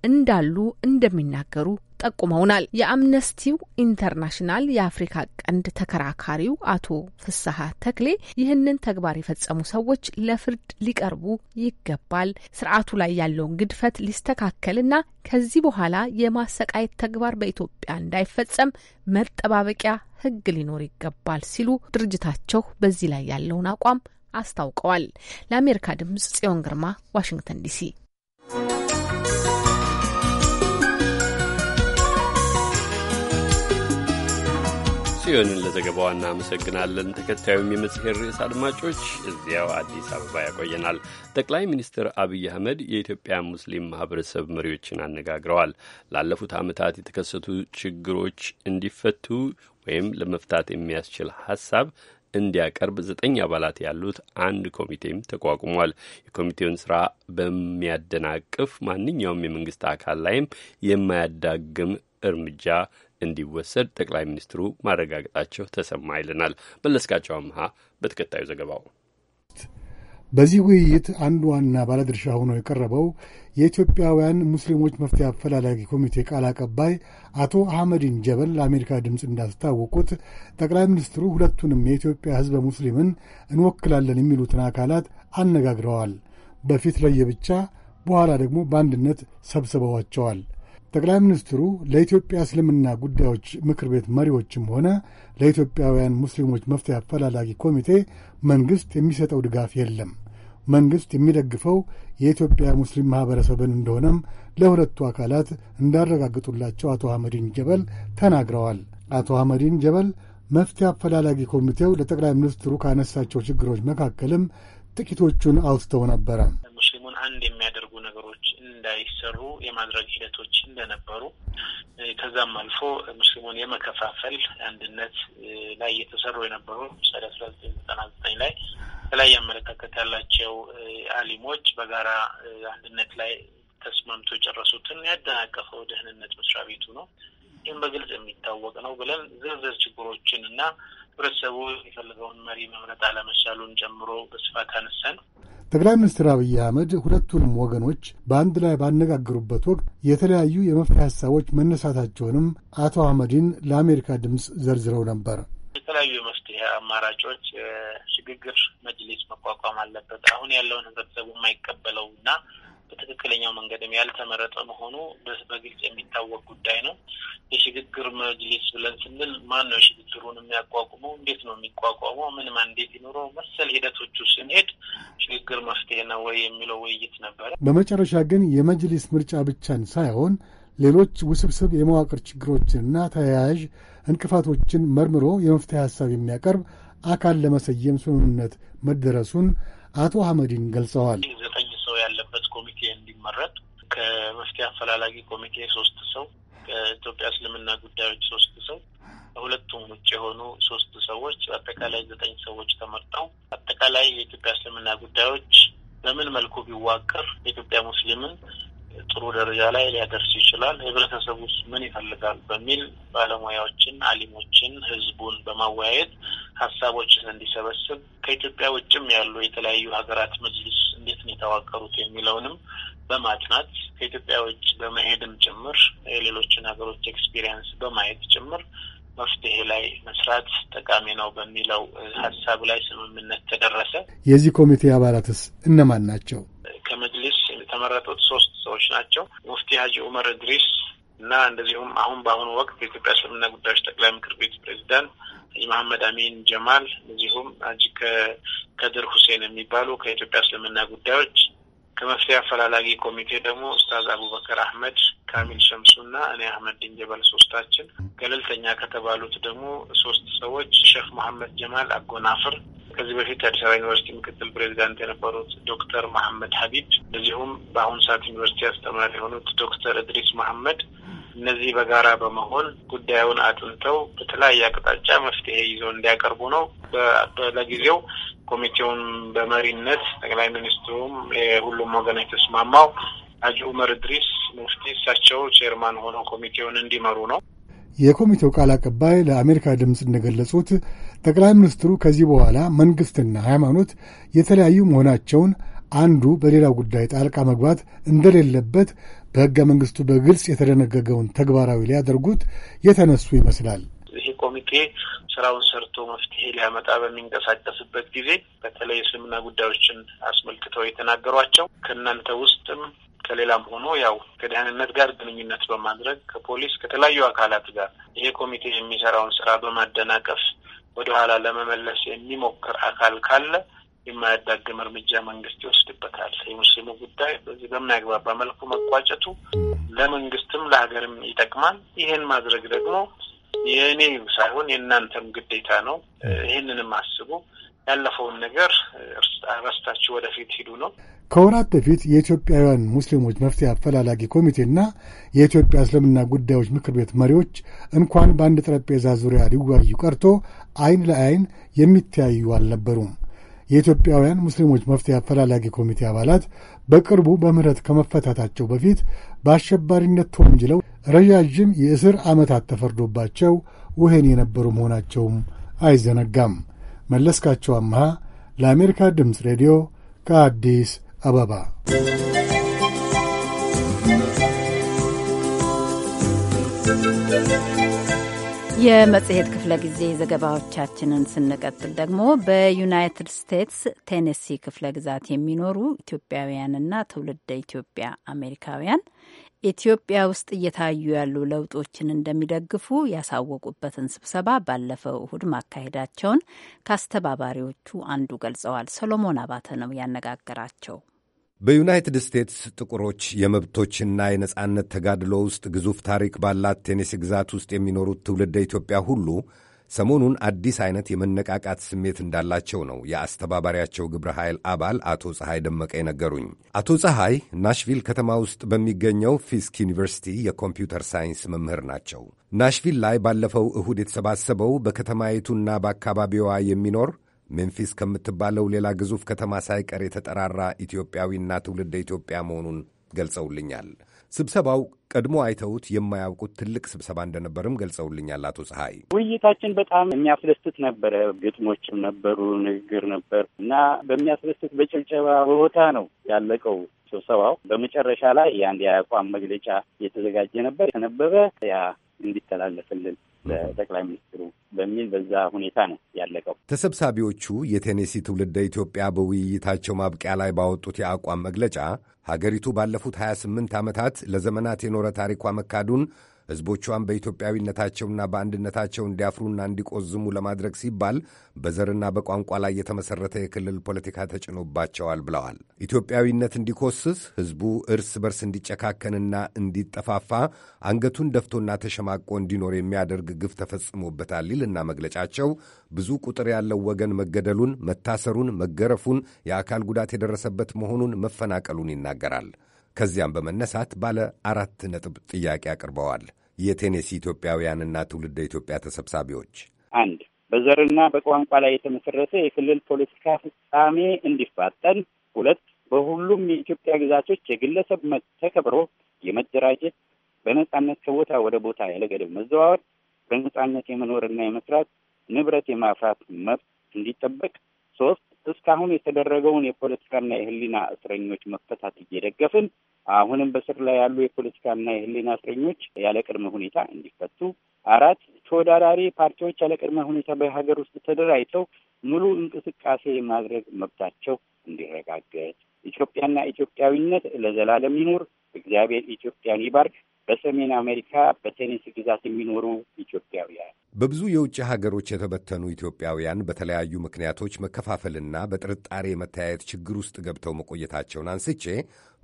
እንዳሉ እንደሚናገሩ ጠቁመውናል። የአምነስቲው ኢንተርናሽናል የአፍሪካ ቀንድ ተከራካሪው አቶ ፍስሐ ተክሌ ይህንን ተግባር የፈጸሙ ሰዎች ለፍርድ ሊቀርቡ ይገባል፣ ስርዓቱ ላይ ያለውን ግድፈት ሊስተካከል እና ከዚህ በኋላ የማሰቃየት ተግባር በኢትዮጵያ እንዳይፈጸም መጠባበቂያ ህግ ሊኖር ይገባል ሲሉ ድርጅታቸው በዚህ ላይ ያለውን አቋም አስታውቀዋል። ለአሜሪካ ድምጽ ጽዮን ግርማ ዋሽንግተን ዲሲ ጽዮንን ለዘገባዋ እናመሰግናለን። ተከታዩም የመጽሔት ርዕስ አድማጮች እዚያው አዲስ አበባ ያቆየናል። ጠቅላይ ሚኒስትር አብይ አህመድ የኢትዮጵያ ሙስሊም ማህበረሰብ መሪዎችን አነጋግረዋል። ላለፉት ዓመታት የተከሰቱ ችግሮች እንዲፈቱ ወይም ለመፍታት የሚያስችል ሀሳብ እንዲያቀርብ ዘጠኝ አባላት ያሉት አንድ ኮሚቴም ተቋቁሟል። የኮሚቴውን ስራ በሚያደናቅፍ ማንኛውም የመንግስት አካል ላይም የማያዳግም እርምጃ እንዲወሰድ ጠቅላይ ሚኒስትሩ ማረጋገጣቸው ተሰማ ይለናል መለስካቸው አምሃ በተከታዩ ዘገባው። በዚህ ውይይት አንድ ዋና ባለድርሻ ሆኖ የቀረበው የኢትዮጵያውያን ሙስሊሞች መፍትሄ አፈላላጊ ኮሚቴ ቃል አቀባይ አቶ አህመዲን ጀበል ለአሜሪካ ድምፅ እንዳስታወቁት ጠቅላይ ሚኒስትሩ ሁለቱንም የኢትዮጵያ ሕዝበ ሙስሊምን እንወክላለን የሚሉትን አካላት አነጋግረዋል። በፊት ለየብቻ፣ በኋላ ደግሞ በአንድነት ሰብስበዋቸዋል። ጠቅላይ ሚኒስትሩ ለኢትዮጵያ እስልምና ጉዳዮች ምክር ቤት መሪዎችም ሆነ ለኢትዮጵያውያን ሙስሊሞች መፍትሄ አፈላላጊ ኮሚቴ መንግሥት የሚሰጠው ድጋፍ የለም። መንግሥት የሚደግፈው የኢትዮጵያ ሙስሊም ማኅበረሰብን እንደሆነም ለሁለቱ አካላት እንዳረጋግጡላቸው አቶ አህመዲን ጀበል ተናግረዋል። አቶ አህመዲን ጀበል መፍትሄ አፈላላጊ ኮሚቴው ለጠቅላይ ሚኒስትሩ ካነሳቸው ችግሮች መካከልም ጥቂቶቹን አውስተው ነበረ። ሙስሊሙን አንድ የሚያደርጉ ነገሮች እንዳይሰሩ የማድረግ ሂደቶች እንደነበሩ ከዛም አልፎ ሙስሊሙን የመከፋፈል አንድነት ላይ እየተሰሩ የነበሩ ምሳሌ አስራ ዘጠኝ ዘጠና ዘጠኝ ላይ የተለያየ አመለካከት ያላቸው አሊሞች በጋራ አንድነት ላይ ተስማምቶ የጨረሱትን ያደናቀፈው ደህንነት መስሪያ ቤቱ ነው። ይህም በግልጽ የሚታወቅ ነው ብለን ዝርዝር ችግሮችን እና ህብረተሰቡ የፈለገውን መሪ መምረጥ አለመቻሉን ጨምሮ በስፋት አነሳን። ጠቅላይ ሚኒስትር አብይ አህመድ ሁለቱንም ወገኖች በአንድ ላይ ባነጋገሩበት ወቅት የተለያዩ የመፍትሄ ሀሳቦች መነሳታቸውንም አቶ አህመድን ለአሜሪካ ድምፅ ዘርዝረው ነበር። የተለያዩ የመፍትሄ አማራጮች ሽግግር መጅሊስ መቋቋም አለበት። አሁን ያለውን ህብረተሰቡ የማይቀበለው እና በትክክለኛው መንገድም ያልተመረጠ መሆኑ በግልጽ የሚታወቅ ጉዳይ ነው። የሽግግር መጅሊስ ብለን ስንል ማን ነው ሽግግሩን የሚያቋቁመው? እንዴት ነው የሚቋቋመው? ምን እንዴት ይኖረው? መሰል ሂደቶቹ ስንሄድ ሽግግር መፍትሄ ነው ወይ የሚለው ውይይት ነበረ። በመጨረሻ ግን የመጅሊስ ምርጫ ብቻን ሳይሆን ሌሎች ውስብስብ የመዋቅር ችግሮችንና ተያያዥ እንቅፋቶችን መርምሮ የመፍትሄ ሀሳብ የሚያቀርብ አካል ለመሰየም ስምምነት መደረሱን አቶ አህመዲን ገልጸዋል። ዘጠኝ ያለበት ኮሚቴ እንዲመረጥ ከመፍትሄ አፈላላጊ ኮሚቴ ሶስት ሰው ከኢትዮጵያ እስልምና ጉዳዮች ሶስት ሰው ከሁለቱም ውጭ የሆኑ ሶስት ሰዎች አጠቃላይ ዘጠኝ ሰዎች ተመርጠው አጠቃላይ የኢትዮጵያ እስልምና ጉዳዮች በምን መልኩ ቢዋቀር የኢትዮጵያ ሙስሊምን ጥሩ ደረጃ ላይ ሊያደርስ ይችላል። ውስጥ ምን ይፈልጋል በሚል ባለሙያዎችን፣ አሊሞችን፣ ህዝቡን በማወያየት ሀሳቦችን እንዲሰበስብ ከኢትዮጵያ ውጭም ያሉ የተለያዩ ሀገራት መጅሊስ እንዴት ነው የተዋቀሩት የሚለውንም በማጥናት ከኢትዮጵያ ውጭ በመሄድም ጭምር የሌሎችን ሀገሮች ኤክስፒሪየንስ በማየት ጭምር መፍትሄ ላይ መስራት ጠቃሚ ነው በሚለው ሀሳብ ላይ ስምምነት ተደረሰ። የዚህ ኮሚቴ አባላትስ እነማን ናቸው? ከመጅሊስ የተመረጡት ሶስት ሰዎች ናቸው። ሙፍቲ ሀጂ ኡመር እድሪስ እና እንደዚሁም አሁን በአሁኑ ወቅት የኢትዮጵያ እስልምና ጉዳዮች ጠቅላይ ምክር ቤት ፕሬዚዳንት ሀጂ መሐመድ አሚን ጀማል፣ እንደዚሁም ሀጂ ከድር ሁሴን የሚባሉ ከኢትዮጵያ እስልምና ጉዳዮች ከመፍትሄ አፈላላጊ ኮሚቴ ደግሞ ኡስታዝ አቡበከር አህመድ፣ ካሚል እና እኔ አህመድ ድንጀበል ሶስታችን። ገለልተኛ ከተባሉት ደግሞ ሶስት ሰዎች ሼክ መሐመድ ጀማል አጎናፍር ከዚህ በፊት የአዲስ አበባ ዩኒቨርሲቲ ምክትል ፕሬዚዳንት የነበሩት ዶክተር መሐመድ ሀቢብ እንደዚሁም በአሁኑ ሰዓት ዩኒቨርሲቲ አስተማሪ የሆኑት ዶክተር እድሪስ መሐመድ እነዚህ በጋራ በመሆን ጉዳዩን አጥንተው በተለያየ አቅጣጫ መፍትሄ ይዘው እንዲያቀርቡ ነው። ለጊዜው ኮሚቴውን በመሪነት ጠቅላይ ሚኒስትሩም የሁሉም ወገን የተስማማው ሀጂ ኡመር እድሪስ ሙፍቲ እሳቸው ቼርማን ሆነው ኮሚቴውን እንዲመሩ ነው። የኮሚቴው ቃል አቀባይ ለአሜሪካ ድምፅ እንደገለጹት ጠቅላይ ሚኒስትሩ ከዚህ በኋላ መንግሥትና ሃይማኖት የተለያዩ መሆናቸውን አንዱ በሌላው ጉዳይ ጣልቃ መግባት እንደሌለበት በሕገ መንግሥቱ በግልጽ የተደነገገውን ተግባራዊ ሊያደርጉት የተነሱ ይመስላል። ይሄ ኮሚቴ ስራውን ሰርቶ መፍትሄ ሊያመጣ በሚንቀሳቀስበት ጊዜ በተለይ የስልምና ጉዳዮችን አስመልክተው የተናገሯቸው ከእናንተ ውስጥም ከሌላም ሆኖ ያው ከደህንነት ጋር ግንኙነት በማድረግ ከፖሊስ ከተለያዩ አካላት ጋር ይሄ ኮሚቴ የሚሰራውን ስራ በማደናቀፍ ወደኋላ ለመመለስ የሚሞክር አካል ካለ የማያዳግም እርምጃ መንግስት ይወስድበታል። የሙስሊሙ ጉዳይ በዚህ በማያግባባ መልኩ መቋጨቱ ለመንግስትም ለሀገርም ይጠቅማል። ይህን ማድረግ ደግሞ የእኔ ሳይሆን የእናንተም ግዴታ ነው። ይህንንም አስቡ። ያለፈውን ነገር ረስታችሁ ወደፊት ሂዱ ነው። ከወራት በፊት የኢትዮጵያውያን ሙስሊሞች መፍትሄ አፈላላጊ ኮሚቴና የኢትዮጵያ እስልምና ጉዳዮች ምክር ቤት መሪዎች እንኳን በአንድ ጠረጴዛ ዙሪያ ሊወያዩ ቀርቶ አይን ለአይን የሚተያዩ አልነበሩም። የኢትዮጵያውያን ሙስሊሞች መፍትሄ አፈላላጊ ኮሚቴ አባላት በቅርቡ በምህረት ከመፈታታቸው በፊት በአሸባሪነት ተወንጅለው ረዣዥም የእስር ዓመታት ተፈርዶባቸው ውህን የነበሩ መሆናቸውም አይዘነጋም። መለስካቸው አምሃ ለአሜሪካ ድምፅ ሬዲዮ ከአዲስ አበባ የመጽሔት ክፍለ ጊዜ ዘገባዎቻችንን ስንቀጥል ደግሞ በዩናይትድ ስቴትስ ቴኔሲ ክፍለ ግዛት የሚኖሩ ኢትዮጵያውያንና ትውልደ ኢትዮጵያ አሜሪካውያን ኢትዮጵያ ውስጥ እየታዩ ያሉ ለውጦችን እንደሚደግፉ ያሳወቁበትን ስብሰባ ባለፈው እሁድ ማካሄዳቸውን ከአስተባባሪዎቹ አንዱ ገልጸዋል። ሰሎሞን አባተ ነው ያነጋገራቸው። በዩናይትድ ስቴትስ ጥቁሮች የመብቶችና የነጻነት ተጋድሎ ውስጥ ግዙፍ ታሪክ ባላት ቴኔሲ ግዛት ውስጥ የሚኖሩት ትውልደ ኢትዮጵያ ሁሉ ሰሞኑን አዲስ አይነት የመነቃቃት ስሜት እንዳላቸው ነው የአስተባባሪያቸው ግብረ ኃይል አባል አቶ ፀሐይ ደመቀ የነገሩኝ። አቶ ፀሐይ ናሽቪል ከተማ ውስጥ በሚገኘው ፊስክ ዩኒቨርሲቲ የኮምፒውተር ሳይንስ መምህር ናቸው። ናሽቪል ላይ ባለፈው እሁድ የተሰባሰበው በከተማይቱና በአካባቢዋ የሚኖር ሜምፊስ ከምትባለው ሌላ ግዙፍ ከተማ ሳይቀር የተጠራራ ኢትዮጵያዊና ትውልደ ኢትዮጵያ መሆኑን ገልጸውልኛል። ስብሰባው ቀድሞ አይተውት የማያውቁት ትልቅ ስብሰባ እንደነበርም ገልጸውልኛል አቶ ፀሐይ። ውይይታችን በጣም የሚያስደስት ነበረ። ግጥሞችም ነበሩ፣ ንግግር ነበር እና በሚያስደስት በጭብጨባ ቦታ ነው ያለቀው ስብሰባው። በመጨረሻ ላይ የአንድ የአቋም መግለጫ የተዘጋጀ ነበር የተነበበ ያ እንዲተላለፍልን በጠቅላይ ሚኒስትሩ በሚል በዛ ሁኔታ ነው ያለቀው። ተሰብሳቢዎቹ የቴኔሲ ትውልደ ኢትዮጵያ በውይይታቸው ማብቂያ ላይ ባወጡት የአቋም መግለጫ ሀገሪቱ ባለፉት 28 ዓመታት ለዘመናት የኖረ ታሪኳ መካዱን ሕዝቦቿን በኢትዮጵያዊነታቸውና በአንድነታቸው እንዲያፍሩና እንዲቆዝሙ ለማድረግ ሲባል በዘርና በቋንቋ ላይ የተመሠረተ የክልል ፖለቲካ ተጭኖባቸዋል ብለዋል። ኢትዮጵያዊነት እንዲኮስስ፣ ሕዝቡ እርስ በርስ እንዲጨካከንና እንዲጠፋፋ፣ አንገቱን ደፍቶና ተሸማቆ እንዲኖር የሚያደርግ ግፍ ተፈጽሞበታል ይልና መግለጫቸው ብዙ ቁጥር ያለው ወገን መገደሉን፣ መታሰሩን፣ መገረፉን፣ የአካል ጉዳት የደረሰበት መሆኑን፣ መፈናቀሉን ይናገራል። ከዚያም በመነሳት ባለ አራት ነጥብ ጥያቄ አቅርበዋል። የቴኔሲ ኢትዮጵያውያንና ትውልደ ኢትዮጵያ ተሰብሳቢዎች አንድ በዘርና በቋንቋ ላይ የተመሰረተ የክልል ፖለቲካ ፍጻሜ እንዲፋጠን፣ ሁለት በሁሉም የኢትዮጵያ ግዛቶች የግለሰብ መብት ተከብሮ የመደራጀት በነጻነት ከቦታ ወደ ቦታ ያለገደብ መዘዋወር፣ በነጻነት የመኖርና የመስራት ንብረት የማፍራት መብት እንዲጠበቅ፣ ሶስት እስካሁን የተደረገውን የፖለቲካና የህሊና እስረኞች መፈታት እየደገፍን አሁንም በስር ላይ ያሉ የፖለቲካና የህሊና እስረኞች ያለ ቅድመ ሁኔታ እንዲፈቱ፣ አራት ተወዳዳሪ ፓርቲዎች ያለ ቅድመ ሁኔታ በሀገር ውስጥ ተደራጅተው ሙሉ እንቅስቃሴ የማድረግ መብታቸው እንዲረጋገጥ፣ ኢትዮጵያና ኢትዮጵያዊነት ለዘላለም ይኑር። እግዚአብሔር ኢትዮጵያን ይባርክ። በሰሜን አሜሪካ በቴኔሲ ግዛት የሚኖሩ ኢትዮጵያውያን በብዙ የውጭ ሀገሮች የተበተኑ ኢትዮጵያውያን በተለያዩ ምክንያቶች መከፋፈልና በጥርጣሬ መተያየት ችግር ውስጥ ገብተው መቆየታቸውን አንስቼ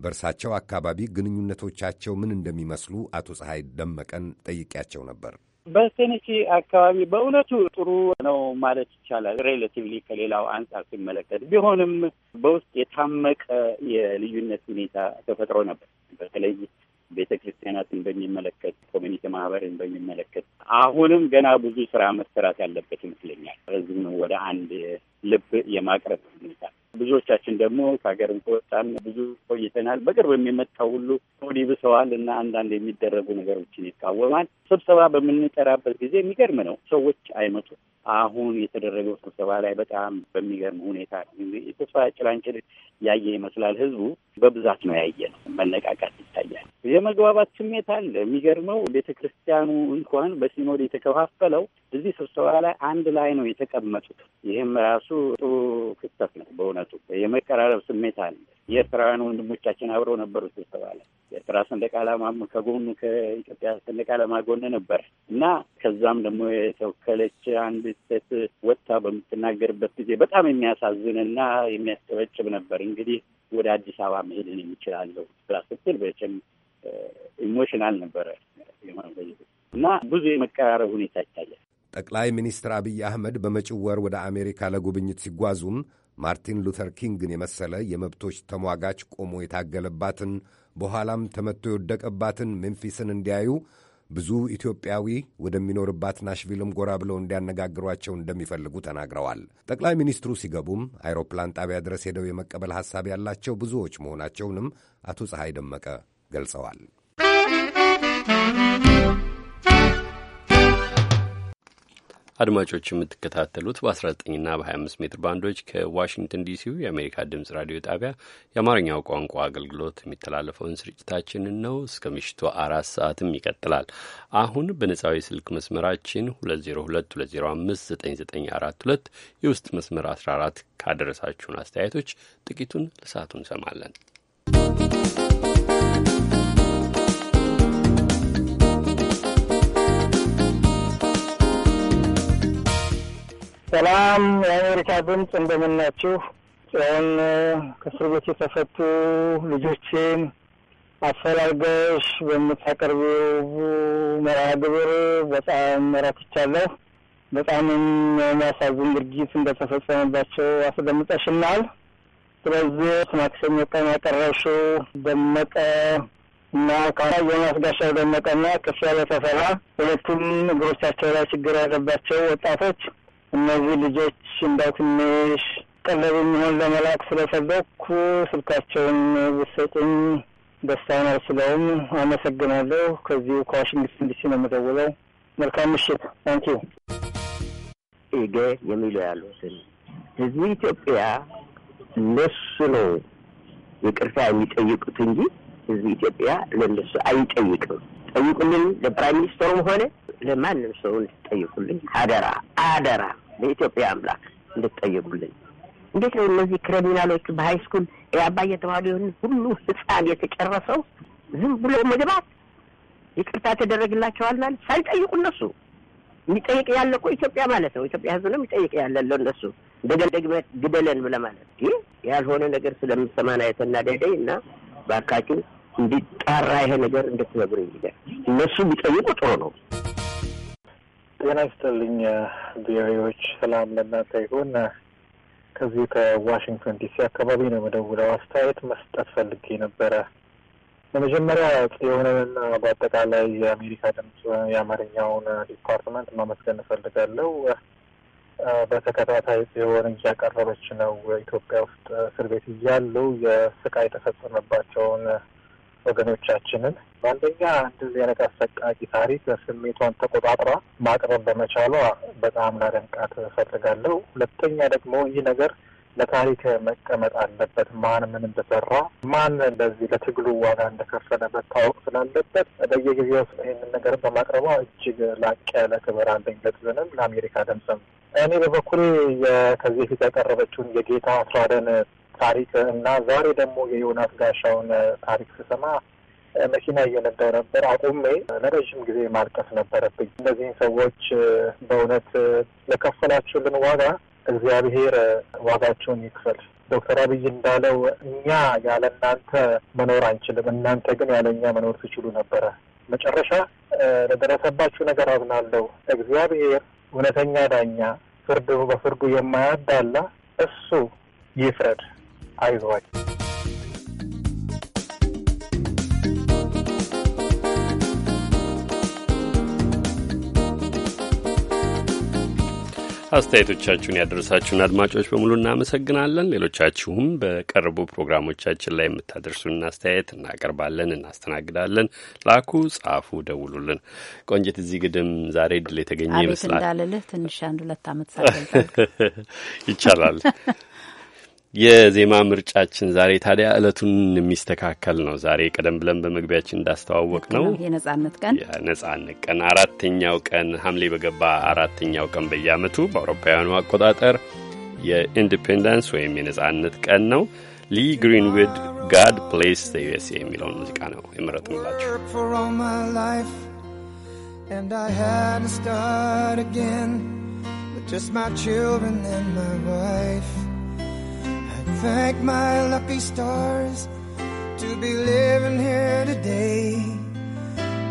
በእርሳቸው አካባቢ ግንኙነቶቻቸው ምን እንደሚመስሉ አቶ ፀሐይ ደመቀን ጠይቄያቸው ነበር። በቴኔሲ አካባቢ በእውነቱ ጥሩ ነው ማለት ይቻላል። ሬሌቲቭሊ ከሌላው አንጻር ሲመለከት ቢሆንም በውስጥ የታመቀ የልዩነት ሁኔታ ተፈጥሮ ነበር በተለይ ቤተ ክርስቲያናትን በሚመለከት ኮሚኒቲ ማህበርን በሚመለከት አሁንም ገና ብዙ ስራ መሰራት ያለበት ይመስለኛል። ህዝብን ወደ አንድ ልብ የማቅረብ ሁኔታ ብዙዎቻችን ደግሞ ከሀገርም ከወጣን ብዙ ቆይተናል። በቅርብ የሚመጣው ሁሉ ሆድ ይብሰዋል እና አንዳንድ የሚደረጉ ነገሮችን ይቃወማል። ስብሰባ በምንጠራበት ጊዜ የሚገርም ነው፣ ሰዎች አይመጡም። አሁን የተደረገው ስብሰባ ላይ በጣም በሚገርም ሁኔታ የተስፋ ጭላንጭል ያየ ይመስላል። ህዝቡ በብዛት ነው ያየ ነው፣ መነቃቃት ይታያል። የመግባባት ስሜት አለ። የሚገርመው ቤተ ክርስቲያኑ እንኳን በሲኖድ የተከፋፈለው እዚህ ስብሰባ ላይ አንድ ላይ ነው የተቀመጡት። ይህም ራሱ ጥሩ ክስተት ነው በእውነቱ። የመቀራረብ ስሜት አለ። የኤርትራውያን ወንድሞቻችን አብረው ነበሩ ስብሰባ ላይ። የኤርትራ ሰንደቅ ዓላማም ከጎኑ ከኢትዮጵያ ሰንደቅ ዓላማ ጎን ነበር እና ከዛም ደግሞ የተወከለች አንድ ሴት ወጥታ በምትናገርበት ጊዜ በጣም የሚያሳዝን እና የሚያስጨበጭብ ነበር። እንግዲህ ወደ አዲስ አበባ መሄድን የሚችላለሁ ስራ ስትል በቸም ኢሞሽናል ነበረ እና ብዙ የመቀራረብ ሁኔታ ይታያል። ጠቅላይ ሚኒስትር አብይ አህመድ በመጪው ወር ወደ አሜሪካ ለጉብኝት ሲጓዙም ማርቲን ሉተር ኪንግን የመሰለ የመብቶች ተሟጋች ቆሞ የታገለባትን በኋላም ተመቶ የወደቀባትን ሜምፊስን እንዲያዩ ብዙ ኢትዮጵያዊ ወደሚኖርባት ናሽቪልም ጎራ ብለው እንዲያነጋግሯቸው እንደሚፈልጉ ተናግረዋል። ጠቅላይ ሚኒስትሩ ሲገቡም አይሮፕላን ጣቢያ ድረስ ሄደው የመቀበል ሐሳብ ያላቸው ብዙዎች መሆናቸውንም አቶ ፀሐይ ደመቀ ገልጸዋል። አድማጮች የምትከታተሉት በ19ና በ25 ሜትር ባንዶች ከዋሽንግተን ዲሲው የአሜሪካ ድምጽ ራዲዮ ጣቢያ የአማርኛው ቋንቋ አገልግሎት የሚተላለፈውን ስርጭታችንን ነው። እስከ ምሽቱ አራት ሰዓትም ይቀጥላል። አሁን በነጻዊ ስልክ መስመራችን 2022059942 የውስጥ መስመር 14 ካደረሳችሁን አስተያየቶች ጥቂቱን ለሰዓቱ እንሰማለን። ሰላም የአሜሪካ ድምፅ እንደምን ናችሁ? ጽዮን ከእስር ቤት የተፈቱ ልጆችን አፈላልገሽ በምታቀርቢው መርሃ ግብር በጣም መራትቻለሁ። በጣም የሚያሳዝን ድርጊት እንደተፈጸመባቸው አስደምጠሽናል። ስለዚህ ማክሰኞ ቀን ያቀረብሽው ደመቀ እና ከኋላ ዮናስ ጋሻው ደመቀና ከፍ ያለ ተፈራ ሁለቱም እግሮቻቸው ላይ ችግር ያለባቸው ወጣቶች እነዚህ ልጆች እንዳው ትንሽ ቀለብ የሚሆን ለመላክ ስለፈለኩ ስልካቸውን ብሰጡኝ ደስታውን አልችለውም። አመሰግናለሁ። ከዚሁ ከዋሽንግተን ዲሲ ነው የምደውለው። መልካም ምሽት። ታንኪዩ። ኢገ የሚለው ያሉትን እዚህ ኢትዮጵያ እነሱ ነው ይቅርታ የሚጠይቁት እንጂ ህዝብ ኢትዮጵያ ለእነሱ አይጠይቅም። ጠይቁልን፣ ለፕራይም ሚኒስተሩም ሆነ ለማንም ሰው እንድትጠይቁልኝ አደራ አደራ። በኢትዮጵያ አምላክ እንድትጠየቁልኝ። እንዴት ነው እነዚህ ክሪሚናሎቹ በሀይ ስኩል የአባ እየተባሉ የሆን ሁሉ ህፃን የተጨረሰው ዝም ብሎ መግባት ይቅርታ ተደረግላቸዋል ማለት ሳይጠይቁ እነሱ የሚጠይቅ ያለ እኮ ኢትዮጵያ ማለት ነው። ኢትዮጵያ ህዝብ ነው የሚጠይቅ ያለ ለው እነሱ እንደገና ደግመህ ግደለን ብለ ማለት ይህ ያልሆነ ነገር ስለምሰማና የተናደደኝ እና ባካችሁ እንዲጣራ ይሄ ነገር እንድትነግሩ ይገር እነሱ ቢጠይቁ ጥሩ ነው። ጤና ይስጥልኝ ቪኦኤዎች፣ ሰላም ለእናንተ ይሁን። ከዚህ ከዋሽንግተን ዲሲ አካባቢ ነው መደውለው። አስተያየት መስጠት ፈልጌ ነበረ። በመጀመሪያ ጽዮንንና በአጠቃላይ የአሜሪካ ድምፅ የአማርኛውን ዲፓርትመንት ማመስገን እፈልጋለሁ። በተከታታይ ጽዮን እያቀረበች ነው ኢትዮጵያ ውስጥ እስር ቤት እያሉ የስቃይ ተፈጸመባቸውን ወገኖቻችንን አንደኛ እንደዚህ አይነት አሰቃቂ ታሪክ ስሜቷን ተቆጣጥራ ማቅረብ በመቻሏ በጣም ላደንቃት እፈልጋለሁ። ሁለተኛ ደግሞ ይህ ነገር ለታሪክ መቀመጥ አለበት። ማን ምን እንደሰራ፣ ማን ለዚህ ለትግሉ ዋጋ እንደከፈለ መታወቅ ስላለበት በየጊዜው ይህንን ነገር በማቅረቧ እጅግ ላቅ ያለ ክብር አለኝ። ለትዘንም ለአሜሪካ ድምፅም እኔ በበኩሌ ከዚህ ፊት ያቀረበችውን የጌታ አስራደን ታሪክ እና ዛሬ ደግሞ የዮናስ ጋሻውን ታሪክ ስሰማ መኪና እየነዳው ነበር አቁሜ ለረዥም ጊዜ ማልቀስ ነበረብኝ። እነዚህን ሰዎች በእውነት ለከፈላችሁልን ዋጋ እግዚአብሔር ዋጋቸውን ይክፈል። ዶክተር አብይ እንዳለው እኛ ያለ እናንተ መኖር አንችልም፣ እናንተ ግን ያለ እኛ መኖር ትችሉ ነበረ። መጨረሻ ለደረሰባችሁ ነገር አዝናለሁ። እግዚአብሔር እውነተኛ ዳኛ፣ ፍርድ በፍርዱ የማያዳላ እሱ ይፍረድ። አይዟች አስተያየቶቻችሁን ያደረሳችሁን አድማጮች በሙሉ እናመሰግናለን። ሌሎቻችሁም በቀረቡ ፕሮግራሞቻችን ላይ የምታደርሱን አስተያየት እናቀርባለን፣ እናስተናግዳለን። ላኩ፣ ጻፉ፣ ደውሉልን። ቆንጅት፣ እዚህ ግድም ዛሬ ድል የተገኘ ይመስላል እንዳልልህ ትንሽ አንድ ሁለት አመት (laughs) ይቻላል የዜማ ምርጫችን ዛሬ ታዲያ እለቱን የሚስተካከል ነው። ዛሬ ቀደም ብለን በመግቢያችን እንዳስተዋወቅ ነው የነጻነት ቀን የነጻነት ቀን አራተኛው ቀን ሐምሌ በገባ አራተኛው ቀን በየአመቱ በአውሮፓውያኑ አቆጣጠር የኢንዲፔንደንስ ወይም የነጻነት ቀን ነው። ሊ ግሪንዊድ ጋድ ፕሌስ ዘ ዩ የሚለውን ሙዚቃ ነው የመረጥንላቸው። Thank my lucky stars to be living here today.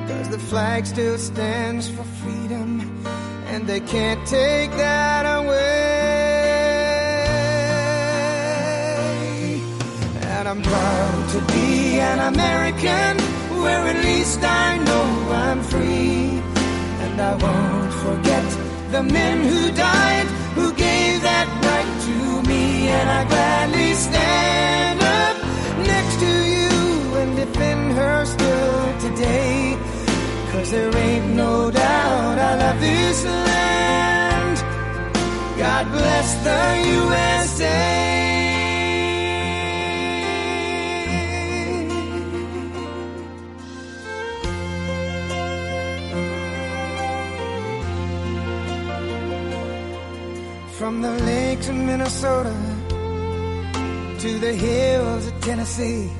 Cause the flag still stands for freedom, and they can't take that away. And I'm proud to be an American, where at least I know I'm free. And I won't forget the men who died, who gave to me, and I gladly stand up next to you and defend her still today. Cause there ain't no doubt I love this land. God bless the USA. From the lakes of Minnesota to the hills of Tennessee,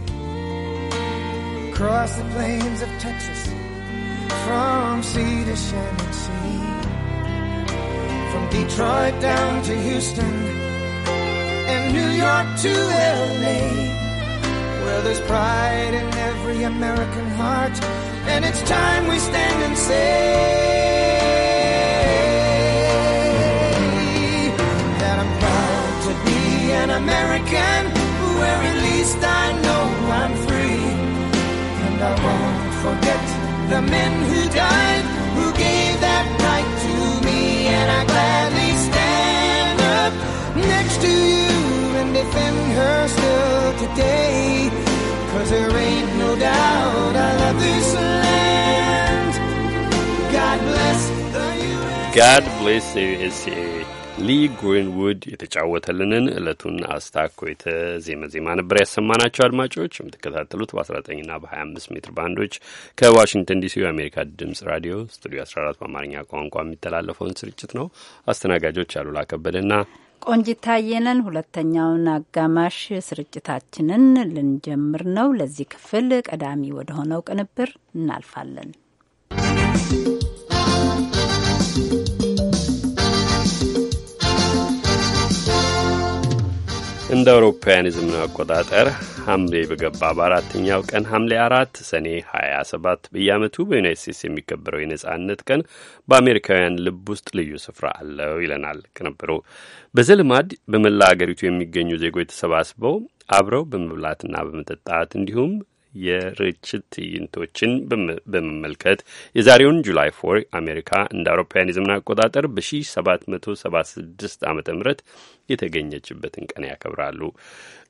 across the plains of Texas, from sea to shining sea, from Detroit down to Houston and New York to LA. Well, there's pride in every American heart, and it's time we stand and say. American, where at least I know I'm free. And I won't forget the men who died, who gave that right to me. And I gladly stand up next to you and defend her still today. Cause there ain't no doubt I love this land. God bless the USA. God bless the USA. ሊ ግሪንውድ የተጫወተልንን እለቱን አስታኮ የተዜመ ዜማ ነበር ያሰማናቸው። አድማጮች የምትከታተሉት በ19ና በ25 ሜትር ባንዶች ከዋሽንግተን ዲሲ የአሜሪካ ድምጽ ራዲዮ ስቱዲዮ 14 በአማርኛ ቋንቋ የሚተላለፈውን ስርጭት ነው። አስተናጋጆች አሉላ ከበደና ቆንጂት ታየነን። ሁለተኛውን አጋማሽ ስርጭታችንን ልንጀምር ነው። ለዚህ ክፍል ቀዳሚ ወደ ሆነው ቅንብር እናልፋለን። እንደ አውሮፓውያን የዘመን አቆጣጠር ሐምሌ በገባ በአራተኛው ቀን ሐምሌ አራት ሰኔ 27 በየዓመቱ በዩናይት ስቴትስ የሚከበረው የነጻነት ቀን በአሜሪካውያን ልብ ውስጥ ልዩ ስፍራ አለው ይለናል ቅንብሩ። በዘልማድ በመላ አገሪቱ የሚገኙ ዜጎች ተሰባስበው አብረው በመብላትና በመጠጣት እንዲሁም የርችት ትዕይንቶችን በመመልከት የዛሬውን ጁላይ ፎር አሜሪካ እንደ አውሮፓውያን የዘመን አቆጣጠር በ1776 ዓ ም የተገኘችበትን ቀን ያከብራሉ።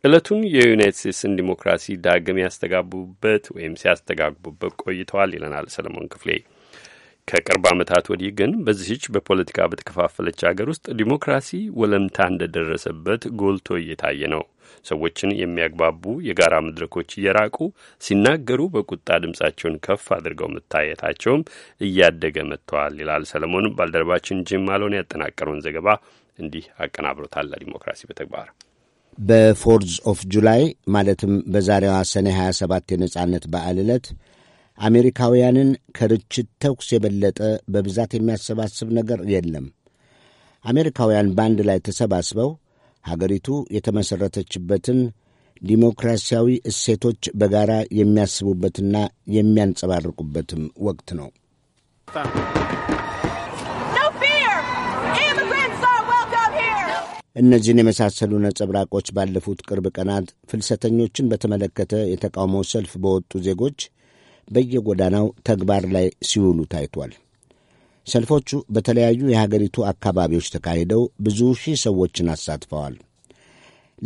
ዕለቱን የዩናይት ስቴትስን ዲሞክራሲ ዳግም ያስተጋቡበት ወይም ሲያስተጋግቡበት ቆይተዋል ይለናል ሰለሞን ክፍሌ። ከቅርብ ዓመታት ወዲህ ግን በዚህች በፖለቲካ በተከፋፈለች አገር ውስጥ ዲሞክራሲ ወለምታ እንደደረሰበት ጎልቶ እየታየ ነው። ሰዎችን የሚያግባቡ የጋራ መድረኮች እየራቁ ሲናገሩ በቁጣ ድምጻቸውን ከፍ አድርገው መታየታቸውም እያደገ መጥተዋል ይላል ሰለሞን። ባልደረባችን ጅም ማሎን ያጠናቀረውን ዘገባ እንዲህ አቀናብሮታል። ለዲሞክራሲ በተግባር በፎርዝ ኦፍ ጁላይ ማለትም በዛሬዋ ሰኔ 27 የነጻነት በዓል ዕለት አሜሪካውያንን ከርችት ተኩስ የበለጠ በብዛት የሚያሰባስብ ነገር የለም። አሜሪካውያን በአንድ ላይ ተሰባስበው ሀገሪቱ የተመሠረተችበትን ዲሞክራሲያዊ እሴቶች በጋራ የሚያስቡበትና የሚያንጸባርቁበትም ወቅት ነው። እነዚህን የመሳሰሉ ነጸብራቆች ባለፉት ቅርብ ቀናት ፍልሰተኞችን በተመለከተ የተቃውሞ ሰልፍ በወጡ ዜጎች በየጎዳናው ተግባር ላይ ሲውሉ ታይቷል። ሰልፎቹ በተለያዩ የሀገሪቱ አካባቢዎች ተካሂደው ብዙ ሺህ ሰዎችን አሳትፈዋል።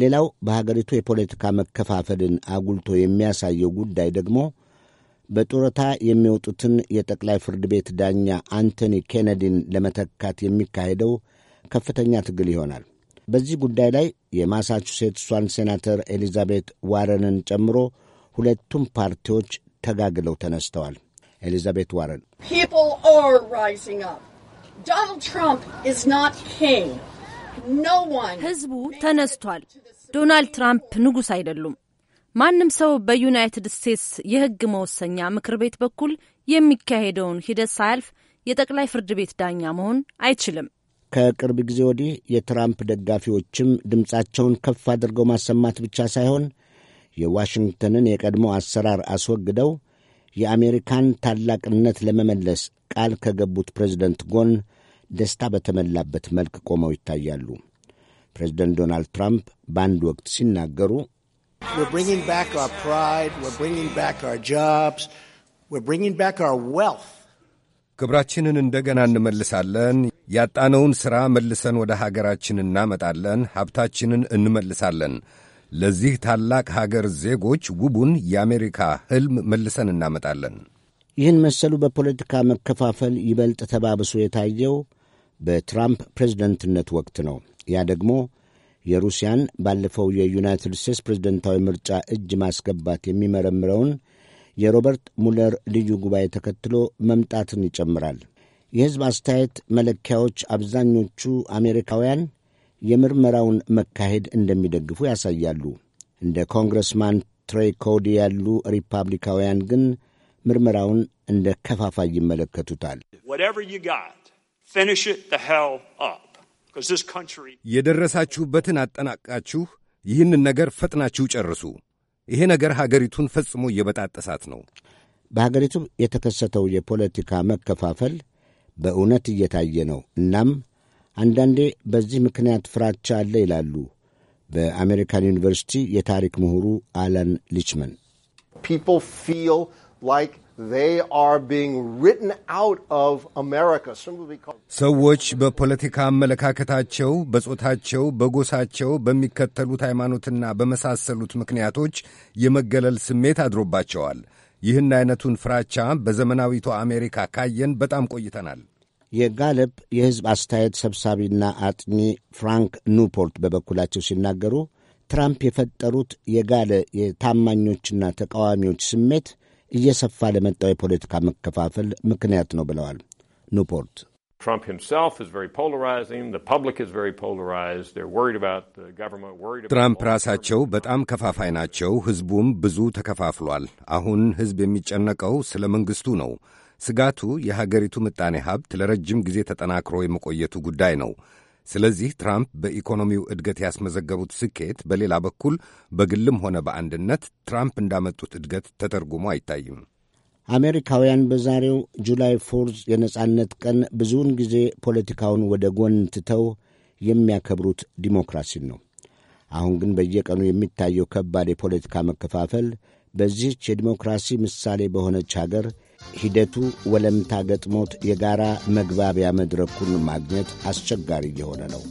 ሌላው በሀገሪቱ የፖለቲካ መከፋፈልን አጉልቶ የሚያሳየው ጉዳይ ደግሞ በጡረታ የሚወጡትን የጠቅላይ ፍርድ ቤት ዳኛ አንቶኒ ኬነዲን ለመተካት የሚካሄደው ከፍተኛ ትግል ይሆናል። በዚህ ጉዳይ ላይ የማሳቹሴትሷን ሴናተር ኤሊዛቤት ዋረንን ጨምሮ ሁለቱም ፓርቲዎች ተጋግለው ተነስተዋል። ኤሊዛቤት ዋረን ህዝቡ ተነስቷል። ዶናልድ ትራምፕ ንጉሥ አይደሉም። ማንም ሰው በዩናይትድ ስቴትስ የሕግ መወሰኛ ምክር ቤት በኩል የሚካሄደውን ሂደት ሳያልፍ የጠቅላይ ፍርድ ቤት ዳኛ መሆን አይችልም። ከቅርብ ጊዜ ወዲህ የትራምፕ ደጋፊዎችም ድምፃቸውን ከፍ አድርገው ማሰማት ብቻ ሳይሆን የዋሽንግተንን የቀድሞ አሰራር አስወግደው የአሜሪካን ታላቅነት ለመመለስ ቃል ከገቡት ፕሬዝደንት ጎን ደስታ በተሞላበት መልክ ቆመው ይታያሉ። ፕሬዝደንት ዶናልድ ትራምፕ በአንድ ወቅት ሲናገሩ ክብራችንን እንደገና እንመልሳለን፣ ያጣነውን ሥራ መልሰን ወደ ሀገራችን እናመጣለን፣ ሀብታችንን እንመልሳለን ለዚህ ታላቅ ሀገር ዜጎች ውቡን የአሜሪካ ሕልም መልሰን እናመጣለን። ይህን መሰሉ በፖለቲካ መከፋፈል ይበልጥ ተባብሶ የታየው በትራምፕ ፕሬዝደንትነት ወቅት ነው። ያ ደግሞ የሩሲያን ባለፈው የዩናይትድ ስቴትስ ፕሬዝደንታዊ ምርጫ እጅ ማስገባት የሚመረምረውን የሮበርት ሙለር ልዩ ጉባኤ ተከትሎ መምጣትን ይጨምራል። የሕዝብ አስተያየት መለኪያዎች አብዛኞቹ አሜሪካውያን የምርመራውን መካሄድ እንደሚደግፉ ያሳያሉ። እንደ ኮንግረስማን ትሬ ኮዲ ያሉ ሪፓብሊካውያን ግን ምርመራውን እንደ ከፋፋይ ይመለከቱታል። የደረሳችሁበትን አጠናቃችሁ ይህን ነገር ፈጥናችሁ ጨርሱ። ይሄ ነገር ሀገሪቱን ፈጽሞ እየበጣጠሳት ነው። በሀገሪቱ የተከሰተው የፖለቲካ መከፋፈል በእውነት እየታየ ነው። እናም አንዳንዴ በዚህ ምክንያት ፍራቻ አለ ይላሉ በአሜሪካን ዩኒቨርሲቲ የታሪክ ምሁሩ አላን ሊችመን። ሰዎች በፖለቲካ አመለካከታቸው፣ በጾታቸው፣ በጎሳቸው፣ በሚከተሉት ሃይማኖትና በመሳሰሉት ምክንያቶች የመገለል ስሜት አድሮባቸዋል። ይህን አይነቱን ፍራቻ በዘመናዊቷ አሜሪካ ካየን በጣም ቆይተናል። የጋለፕ የሕዝብ አስተያየት ሰብሳቢና አጥኚ ፍራንክ ኑፖርት በበኩላቸው ሲናገሩ ትራምፕ የፈጠሩት የጋለ የታማኞችና ተቃዋሚዎች ስሜት እየሰፋ ለመጣው የፖለቲካ መከፋፈል ምክንያት ነው ብለዋል። ኑፖርት ትራምፕ ራሳቸው በጣም ከፋፋይ ናቸው። ሕዝቡም ብዙ ተከፋፍሏል። አሁን ሕዝብ የሚጨነቀው ስለ መንግሥቱ ነው። ስጋቱ የሀገሪቱ ምጣኔ ሀብት ለረጅም ጊዜ ተጠናክሮ የመቆየቱ ጉዳይ ነው። ስለዚህ ትራምፕ በኢኮኖሚው እድገት ያስመዘገቡት ስኬት በሌላ በኩል በግልም ሆነ በአንድነት ትራምፕ እንዳመጡት እድገት ተተርጉሞ አይታይም። አሜሪካውያን በዛሬው ጁላይ ፎርዝ የነጻነት ቀን ብዙውን ጊዜ ፖለቲካውን ወደ ጎን ትተው የሚያከብሩት ዲሞክራሲን ነው። አሁን ግን በየቀኑ የሚታየው ከባድ የፖለቲካ መከፋፈል በዚህች የዲሞክራሲ ምሳሌ በሆነች ሀገር ሂደቱ ወለምታ ገጥሞት የጋራ መግባቢያ መድረኩን ማግኘት አስቸጋሪ እየሆነ ነው።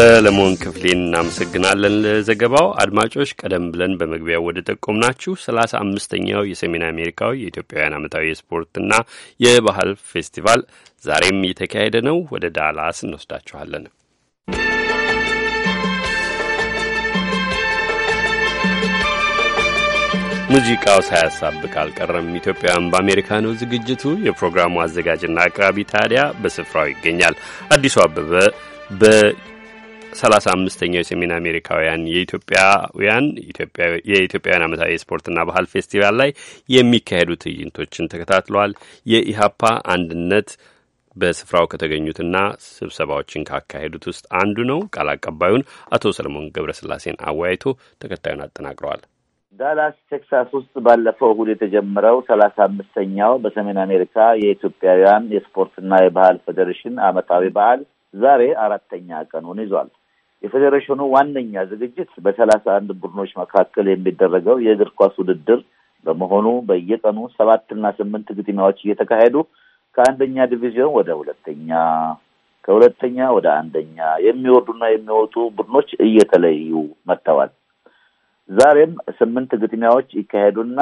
ሰለሞን ክፍሌን እናመሰግናለን ለዘገባው። አድማጮች ቀደም ብለን በመግቢያው ወደ ጠቆምናችሁ ሰላሳ አምስተኛው የሰሜን አሜሪካዊ የኢትዮጵያውያን ዓመታዊ የስፖርትና የባህል ፌስቲቫል ዛሬም እየተካሄደ ነው። ወደ ዳላስ እንወስዳችኋለን። ሙዚቃው ሳያሳብቅ አልቀረም። ኢትዮጵያውያን በአሜሪካ ነው ዝግጅቱ። የፕሮግራሙ አዘጋጅና አቅራቢ ታዲያ በስፍራው ይገኛል። አዲሱ አበበ በሰላሳ አምስተኛው የሰሜን አሜሪካውያን የኢትዮጵያውያን የኢትዮጵያውያን ዓመታዊ የስፖርትና ባህል ፌስቲቫል ላይ የሚካሄዱ ትዕይንቶችን ተከታትለዋል። የኢህአፓ አንድነት በስፍራው ከተገኙትና ስብሰባዎችን ካካሄዱት ውስጥ አንዱ ነው። ቃል አቀባዩን አቶ ሰለሞን ገብረስላሴን አወያይቶ ተከታዩን አጠናቅረዋል። ዳላስ ቴክሳስ ውስጥ ባለፈው እሁድ የተጀመረው ሰላሳ አምስተኛው በሰሜን አሜሪካ የኢትዮጵያውያን የስፖርትና የባህል ፌዴሬሽን ዓመታዊ በዓል ዛሬ አራተኛ ቀኑን ይዟል። የፌዴሬሽኑ ዋነኛ ዝግጅት በሰላሳ አንድ ቡድኖች መካከል የሚደረገው የእግር ኳስ ውድድር በመሆኑ በየቀኑ ሰባትና ስምንት ግጥሚያዎች እየተካሄዱ ከአንደኛ ዲቪዚዮን ወደ ሁለተኛ ከሁለተኛ ወደ አንደኛ የሚወርዱና የሚወጡ ቡድኖች እየተለዩ መጥተዋል። ዛሬም ስምንት ግጥሚያዎች ይካሄዱና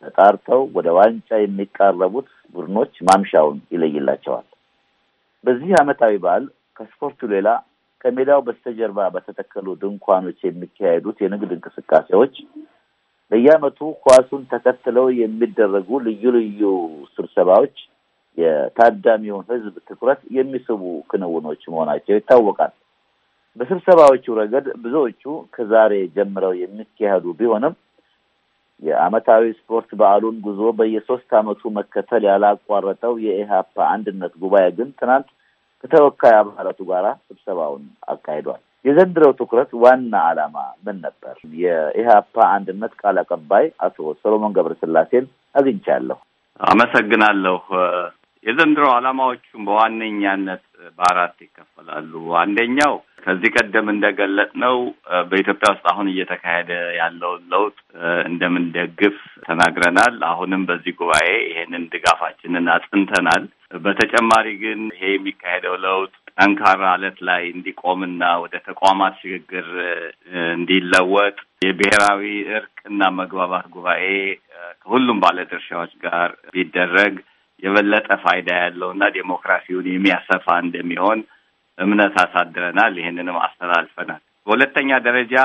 ተጣርተው ወደ ዋንጫ የሚቃረቡት ቡድኖች ማምሻውን ይለይላቸዋል። በዚህ ዓመታዊ በዓል ከስፖርቱ ሌላ ከሜዳው በስተጀርባ በተተከሉ ድንኳኖች የሚካሄዱት የንግድ እንቅስቃሴዎች፣ በየዓመቱ ኳሱን ተከትለው የሚደረጉ ልዩ ልዩ ስብሰባዎች የታዳሚውን ህዝብ ትኩረት የሚስቡ ክንውኖች መሆናቸው ይታወቃል። በስብሰባዎቹ ረገድ ብዙዎቹ ከዛሬ ጀምረው የሚካሄዱ ቢሆንም የአመታዊ ስፖርት በዓሉን ጉዞ በየሶስት ዓመቱ መከተል ያላቋረጠው የኢህአፓ አንድነት ጉባኤ ግን ትናንት ከተወካይ አባላቱ ጋር ስብሰባውን አካሂዷል። የዘንድረው ትኩረት ዋና ዓላማ ምን ነበር? የኢህአፓ አንድነት ቃል አቀባይ አቶ ሰሎሞን ገብረስላሴን አግኝቻለሁ። አመሰግናለሁ። የዘንድሮ ዓላማዎቹም በዋነኛነት በአራት ይከፈላሉ። አንደኛው ከዚህ ቀደም እንደገለጥ ነው በኢትዮጵያ ውስጥ አሁን እየተካሄደ ያለውን ለውጥ እንደምንደግፍ ተናግረናል። አሁንም በዚህ ጉባኤ ይሄንን ድጋፋችንን አጽንተናል። በተጨማሪ ግን ይሄ የሚካሄደው ለውጥ ጠንካራ አለት ላይ እንዲቆምና ወደ ተቋማት ሽግግር እንዲለወጥ የብሔራዊ እርቅና መግባባት ጉባኤ ከሁሉም ባለድርሻዎች ጋር ቢደረግ የበለጠ ፋይዳ እና ዴሞክራሲውን የሚያሰፋ እንደሚሆን እምነት አሳድረናል። ይህንንም አስተላልፈናል። በሁለተኛ ደረጃ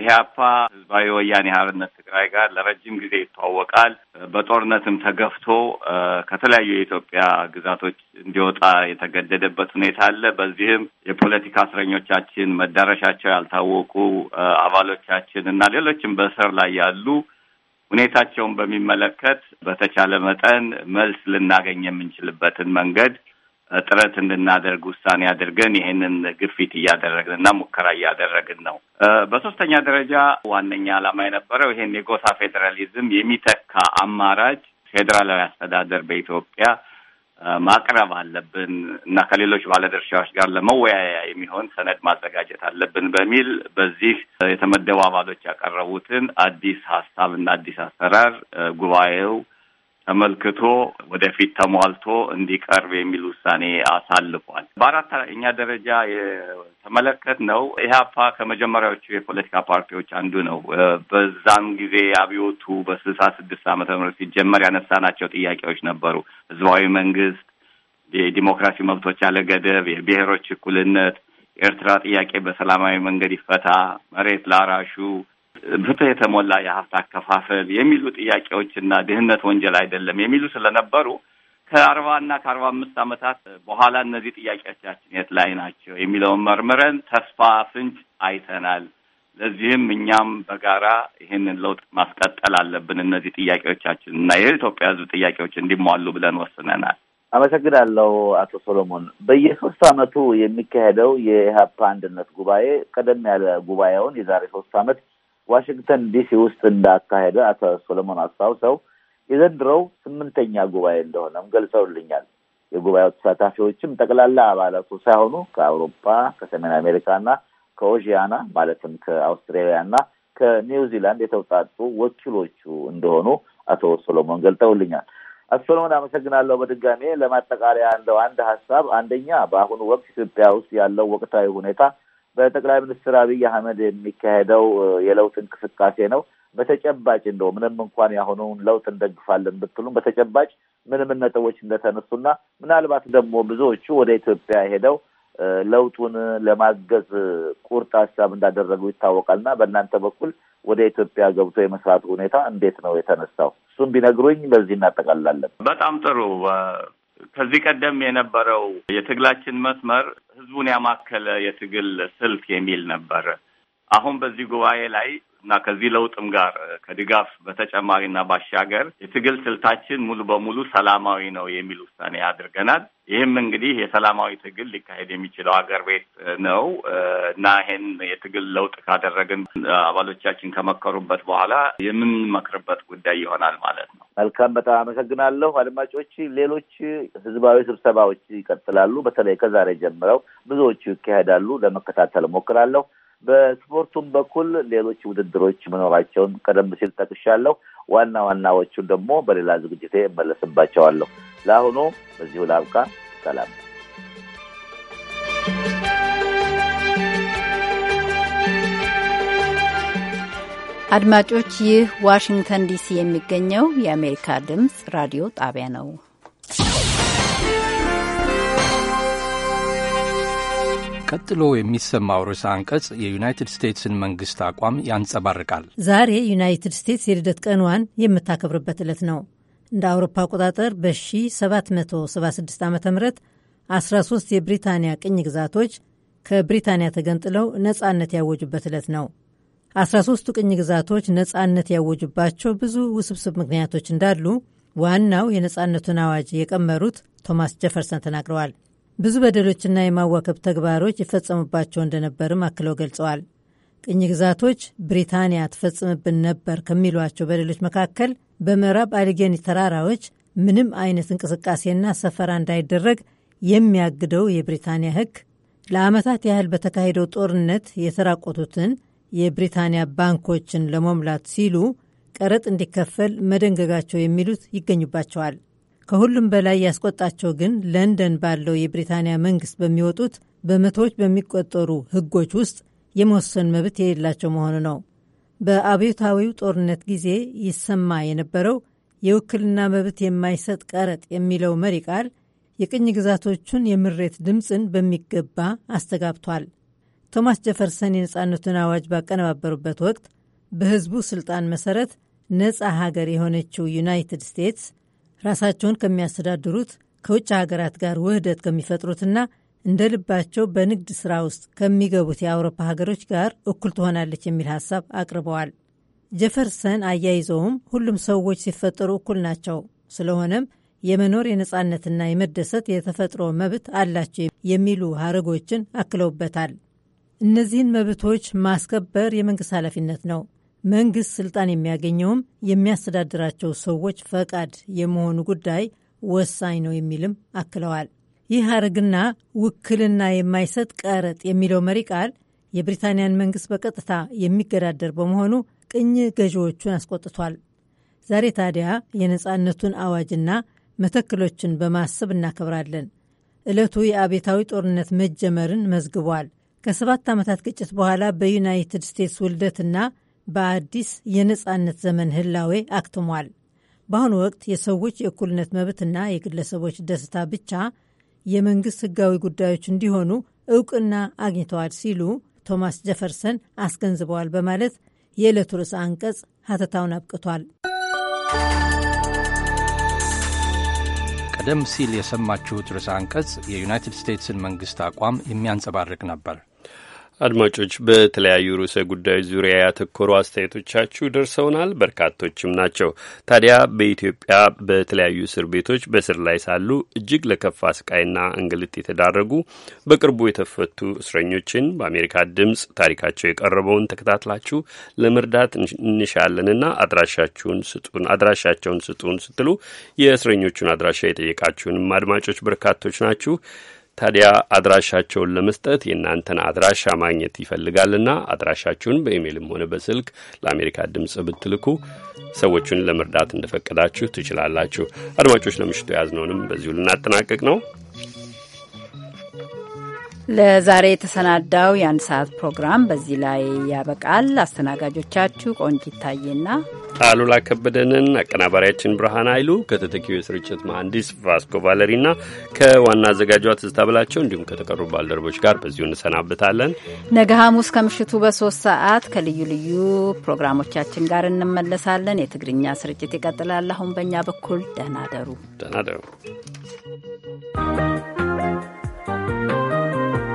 ኢህአፓ ህዝባዊ ወያኔ ሀርነት ትግራይ ጋር ለረጅም ጊዜ ይተዋወቃል። በጦርነትም ተገፍቶ ከተለያዩ የኢትዮጵያ ግዛቶች እንዲወጣ የተገደደበት ሁኔታ አለ። በዚህም የፖለቲካ እስረኞቻችን፣ መዳረሻቸው ያልታወቁ አባሎቻችን እና ሌሎችም በእስር ላይ ያሉ ሁኔታቸውን በሚመለከት በተቻለ መጠን መልስ ልናገኝ የምንችልበትን መንገድ ጥረት እንድናደርግ ውሳኔ አድርገን ይህንን ግፊት እና ሙከራ እያደረግን ነው። በሶስተኛ ደረጃ ዋነኛ ዓላማ የነበረው ይህን የጎሳ ፌዴራሊዝም የሚተካ አማራጭ ፌዴራላዊ አስተዳደር በኢትዮጵያ ማቅረብ አለብን እና ከሌሎች ባለድርሻዎች ጋር ለመወያያ የሚሆን ሰነድ ማዘጋጀት አለብን በሚል በዚህ የተመደቡ አባሎች ያቀረቡትን አዲስ ሀሳብ እና አዲስ አሰራር ጉባኤው ተመልክቶ ወደፊት ተሟልቶ እንዲቀርብ የሚል ውሳኔ አሳልፏል። በአራተኛ ደረጃ የተመለከት ነው ኢህአፓ ከመጀመሪያዎቹ የፖለቲካ ፓርቲዎች አንዱ ነው። በዛም ጊዜ አብዮቱ በስልሳ ስድስት ዓመተ ምህረት ሲጀመር ያነሳናቸው ጥያቄዎች ነበሩ። ህዝባዊ መንግስት፣ የዲሞክራሲ መብቶች ያለ ገደብ፣ የብሔሮች እኩልነት፣ የኤርትራ ጥያቄ በሰላማዊ መንገድ ይፈታ፣ መሬት ላራሹ ፍትህ የተሞላ የሀብት አከፋፈል የሚሉ ጥያቄዎችና ድህነት ወንጀል አይደለም የሚሉ ስለነበሩ ከአርባ እና ከአርባ አምስት ዓመታት በኋላ እነዚህ ጥያቄዎቻችን የት ላይ ናቸው የሚለውን መርምረን ተስፋ ፍንጭ አይተናል። ለዚህም እኛም በጋራ ይህንን ለውጥ ማስቀጠል አለብን፣ እነዚህ ጥያቄዎቻችን እና የኢትዮጵያ ሕዝብ ጥያቄዎች እንዲሟሉ ብለን ወስነናል። አመሰግናለሁ አቶ ሶሎሞን። በየሶስት ዓመቱ የሚካሄደው የኢህአፓ አንድነት ጉባኤ ቀደም ያለ ጉባኤውን የዛሬ ሶስት ዓመት ዋሽንግተን ዲሲ ውስጥ እንዳካሄደ አቶ ሶሎሞን አስታውሰው የዘንድሮው ስምንተኛ ጉባኤ እንደሆነም ገልጸውልኛል። የጉባኤው ተሳታፊዎችም ጠቅላላ አባላቱ ሳይሆኑ ከአውሮፓ፣ ከሰሜን አሜሪካና ከኦዥያና ማለትም ና ከኒውዚላንድ የተውጣጡ ወኪሎቹ እንደሆኑ አቶ ሶሎሞን ገልጠውልኛል። አቶ ሶሎሞን አመሰግናለሁ። በድጋሜ ለማጠቃለያ እንደው አንድ ሀሳብ አንደኛ በአሁኑ ወቅት ኢትዮጵያ ውስጥ ያለው ወቅታዊ ሁኔታ በጠቅላይ ሚኒስትር አብይ አህመድ የሚካሄደው የለውጥ እንቅስቃሴ ነው። በተጨባጭ እንደው ምንም እንኳን የአሁኑን ለውጥ እንደግፋለን ብትሉም በተጨባጭ ምንም ነጥቦች እንደተነሱና ምናልባት ደግሞ ብዙዎቹ ወደ ኢትዮጵያ ሄደው ለውጡን ለማገዝ ቁርጥ ሀሳብ እንዳደረጉ ይታወቃልና በእናንተ በኩል ወደ ኢትዮጵያ ገብቶ የመስራቱ ሁኔታ እንዴት ነው የተነሳው? እሱም ቢነግሩኝ በዚህ እናጠቃላለን። በጣም ጥሩ። ከዚህ ቀደም የነበረው የትግላችን መስመር ህዝቡን ያማከለ የትግል ስልት የሚል ነበር። አሁን በዚህ ጉባኤ ላይ እና ከዚህ ለውጥም ጋር ከድጋፍ በተጨማሪና ባሻገር የትግል ስልታችን ሙሉ በሙሉ ሰላማዊ ነው የሚል ውሳኔ አድርገናል። ይህም እንግዲህ የሰላማዊ ትግል ሊካሄድ የሚችለው ሀገር ቤት ነው እና ይሄን የትግል ለውጥ ካደረግን አባሎቻችን ከመከሩበት በኋላ የምንመክርበት ጉዳይ ይሆናል ማለት ነው። መልካም፣ በጣም አመሰግናለሁ። አድማጮች፣ ሌሎች ህዝባዊ ስብሰባዎች ይቀጥላሉ። በተለይ ከዛሬ ጀምረው ብዙዎቹ ይካሄዳሉ። ለመከታተል እሞክራለሁ። በስፖርቱም በኩል ሌሎች ውድድሮች መኖራቸውን ቀደም ሲል ጠቅሻለሁ። ዋና ዋናዎቹን ደግሞ በሌላ ዝግጅቴ እመለስባቸዋለሁ። ለአሁኑ በዚሁ ላብቃ። ሰላም። አድማጮች፣ ይህ ዋሽንግተን ዲሲ የሚገኘው የአሜሪካ ድምፅ ራዲዮ ጣቢያ ነው። ቀጥሎ የሚሰማው ርዕሰ አንቀጽ የዩናይትድ ስቴትስን መንግስት አቋም ያንጸባርቃል። ዛሬ ዩናይትድ ስቴትስ የልደት ቀንዋን የምታከብርበት ዕለት ነው። እንደ አውሮፓ አቆጣጠር በ1776 ዓ ም 13 የብሪታንያ ቅኝ ግዛቶች ከብሪታንያ ተገንጥለው ነፃነት ያወጁበት ዕለት ነው። 13ቱ ቅኝ ግዛቶች ነፃነት ያወጁባቸው ብዙ ውስብስብ ምክንያቶች እንዳሉ ዋናው የነፃነቱን አዋጅ የቀመሩት ቶማስ ጀፈርሰን ተናግረዋል። ብዙ በደሎችና የማዋከብ ተግባሮች ይፈጸሙባቸው እንደነበርም አክለው ገልጸዋል። ቅኝ ግዛቶች ብሪታንያ ትፈጽምብን ነበር ከሚሏቸው በደሎች መካከል በምዕራብ አሊጌኒ ተራራዎች ምንም አይነት እንቅስቃሴና ሰፈራ እንዳይደረግ የሚያግደው የብሪታንያ ሕግ፣ ለዓመታት ያህል በተካሄደው ጦርነት የተራቆቱትን የብሪታንያ ባንኮችን ለመሙላት ሲሉ ቀረጥ እንዲከፈል መደንገጋቸው የሚሉት ይገኙባቸዋል። ከሁሉም በላይ ያስቆጣቸው ግን ለንደን ባለው የብሪታንያ መንግስት በሚወጡት በመቶዎች በሚቆጠሩ ህጎች ውስጥ የመወሰን መብት የሌላቸው መሆኑ ነው። በአብዮታዊው ጦርነት ጊዜ ይሰማ የነበረው የውክልና መብት የማይሰጥ ቀረጥ የሚለው መሪ ቃል የቅኝ ግዛቶቹን የምሬት ድምፅን በሚገባ አስተጋብቷል። ቶማስ ጀፈርሰን የነፃነቱን አዋጅ ባቀነባበሩበት ወቅት በህዝቡ ስልጣን መሰረት ነፃ ሀገር የሆነችው ዩናይትድ ስቴትስ ራሳቸውን ከሚያስተዳድሩት ከውጭ ሀገራት ጋር ውህደት ከሚፈጥሩትና እንደ ልባቸው በንግድ ሥራ ውስጥ ከሚገቡት የአውሮፓ ሀገሮች ጋር እኩል ትሆናለች የሚል ሐሳብ አቅርበዋል። ጀፈርሰን አያይዘውም ሁሉም ሰዎች ሲፈጠሩ እኩል ናቸው፣ ስለሆነም የመኖር የነፃነትና የመደሰት የተፈጥሮ መብት አላቸው የሚሉ ሀረጎችን አክለውበታል። እነዚህን መብቶች ማስከበር የመንግሥት ኃላፊነት ነው። መንግስት ስልጣን የሚያገኘውም የሚያስተዳድራቸው ሰዎች ፈቃድ የመሆኑ ጉዳይ ወሳኝ ነው የሚልም አክለዋል። ይህ አርግና ውክልና የማይሰጥ ቀረጥ የሚለው መሪ ቃል የብሪታንያን መንግስት በቀጥታ የሚገዳደር በመሆኑ ቅኝ ገዢዎቹን አስቆጥቷል። ዛሬ ታዲያ የነፃነቱን አዋጅና መተክሎችን በማሰብ እናከብራለን። ዕለቱ የአቤታዊ ጦርነት መጀመርን መዝግቧል። ከሰባት ዓመታት ግጭት በኋላ በዩናይትድ ስቴትስ ውልደትና በአዲስ የነፃነት ዘመን ህላዌ አክትሟል። በአሁኑ ወቅት የሰዎች የእኩልነት መብትና የግለሰቦች ደስታ ብቻ የመንግሥት ህጋዊ ጉዳዮች እንዲሆኑ እውቅና አግኝተዋል ሲሉ ቶማስ ጀፈርሰን አስገንዝበዋል በማለት የዕለቱ ርዕሰ አንቀጽ ሀተታውን አብቅቷል። ቀደም ሲል የሰማችሁት ርዕሰ አንቀጽ የዩናይትድ ስቴትስን መንግሥት አቋም የሚያንጸባርቅ ነበር። አድማጮች በተለያዩ ርዕሰ ጉዳዮች ዙሪያ ያተኮሩ አስተያየቶቻችሁ ደርሰውናል፣ በርካቶችም ናቸው። ታዲያ በኢትዮጵያ በተለያዩ እስር ቤቶች በእስር ላይ ሳሉ እጅግ ለከፋ ስቃይና እንግልት የተዳረጉ በቅርቡ የተፈቱ እስረኞችን በአሜሪካ ድምፅ ታሪካቸው የቀረበውን ተከታትላችሁ ለመርዳት እንሻለንና አድራሻችሁን ስጡን አድራሻቸውን ስጡን ስትሉ የእስረኞቹን አድራሻ የጠየቃችሁንም አድማጮች በርካቶች ናችሁ። ታዲያ አድራሻቸውን ለመስጠት የእናንተን አድራሻ ማግኘት ይፈልጋልና አድራሻችሁን በኢሜይልም ሆነ በስልክ ለአሜሪካ ድምፅ ብትልኩ ሰዎቹን ለመርዳት እንደፈቀዳችሁ ትችላላችሁ። አድማጮች፣ ለምሽቱ የያዝነውንም በዚሁ ልናጠናቅቅ ነው። ለዛሬ የተሰናዳው የአንድ ሰዓት ፕሮግራም በዚህ ላይ ያበቃል። አስተናጋጆቻችሁ ቆንጅ ይታየና አሉላ ከበደንን፣ አቀናባሪያችን ብርሃን ኃይሉ ከተተኪው የስርጭት መሐንዲስ ቫስኮ ቫለሪና ከዋና አዘጋጇ ትዝታ ብላቸው እንዲሁም ከተቀሩ ባልደረቦች ጋር በዚሁ እንሰናብታለን። ነገ ሐሙስ ከምሽቱ በሶስት ሰዓት ከልዩ ልዩ ፕሮግራሞቻችን ጋር እንመለሳለን። የትግርኛ ስርጭት ይቀጥላል። አሁን በእኛ በኩል ደህና ደሩ ደህና ደሩ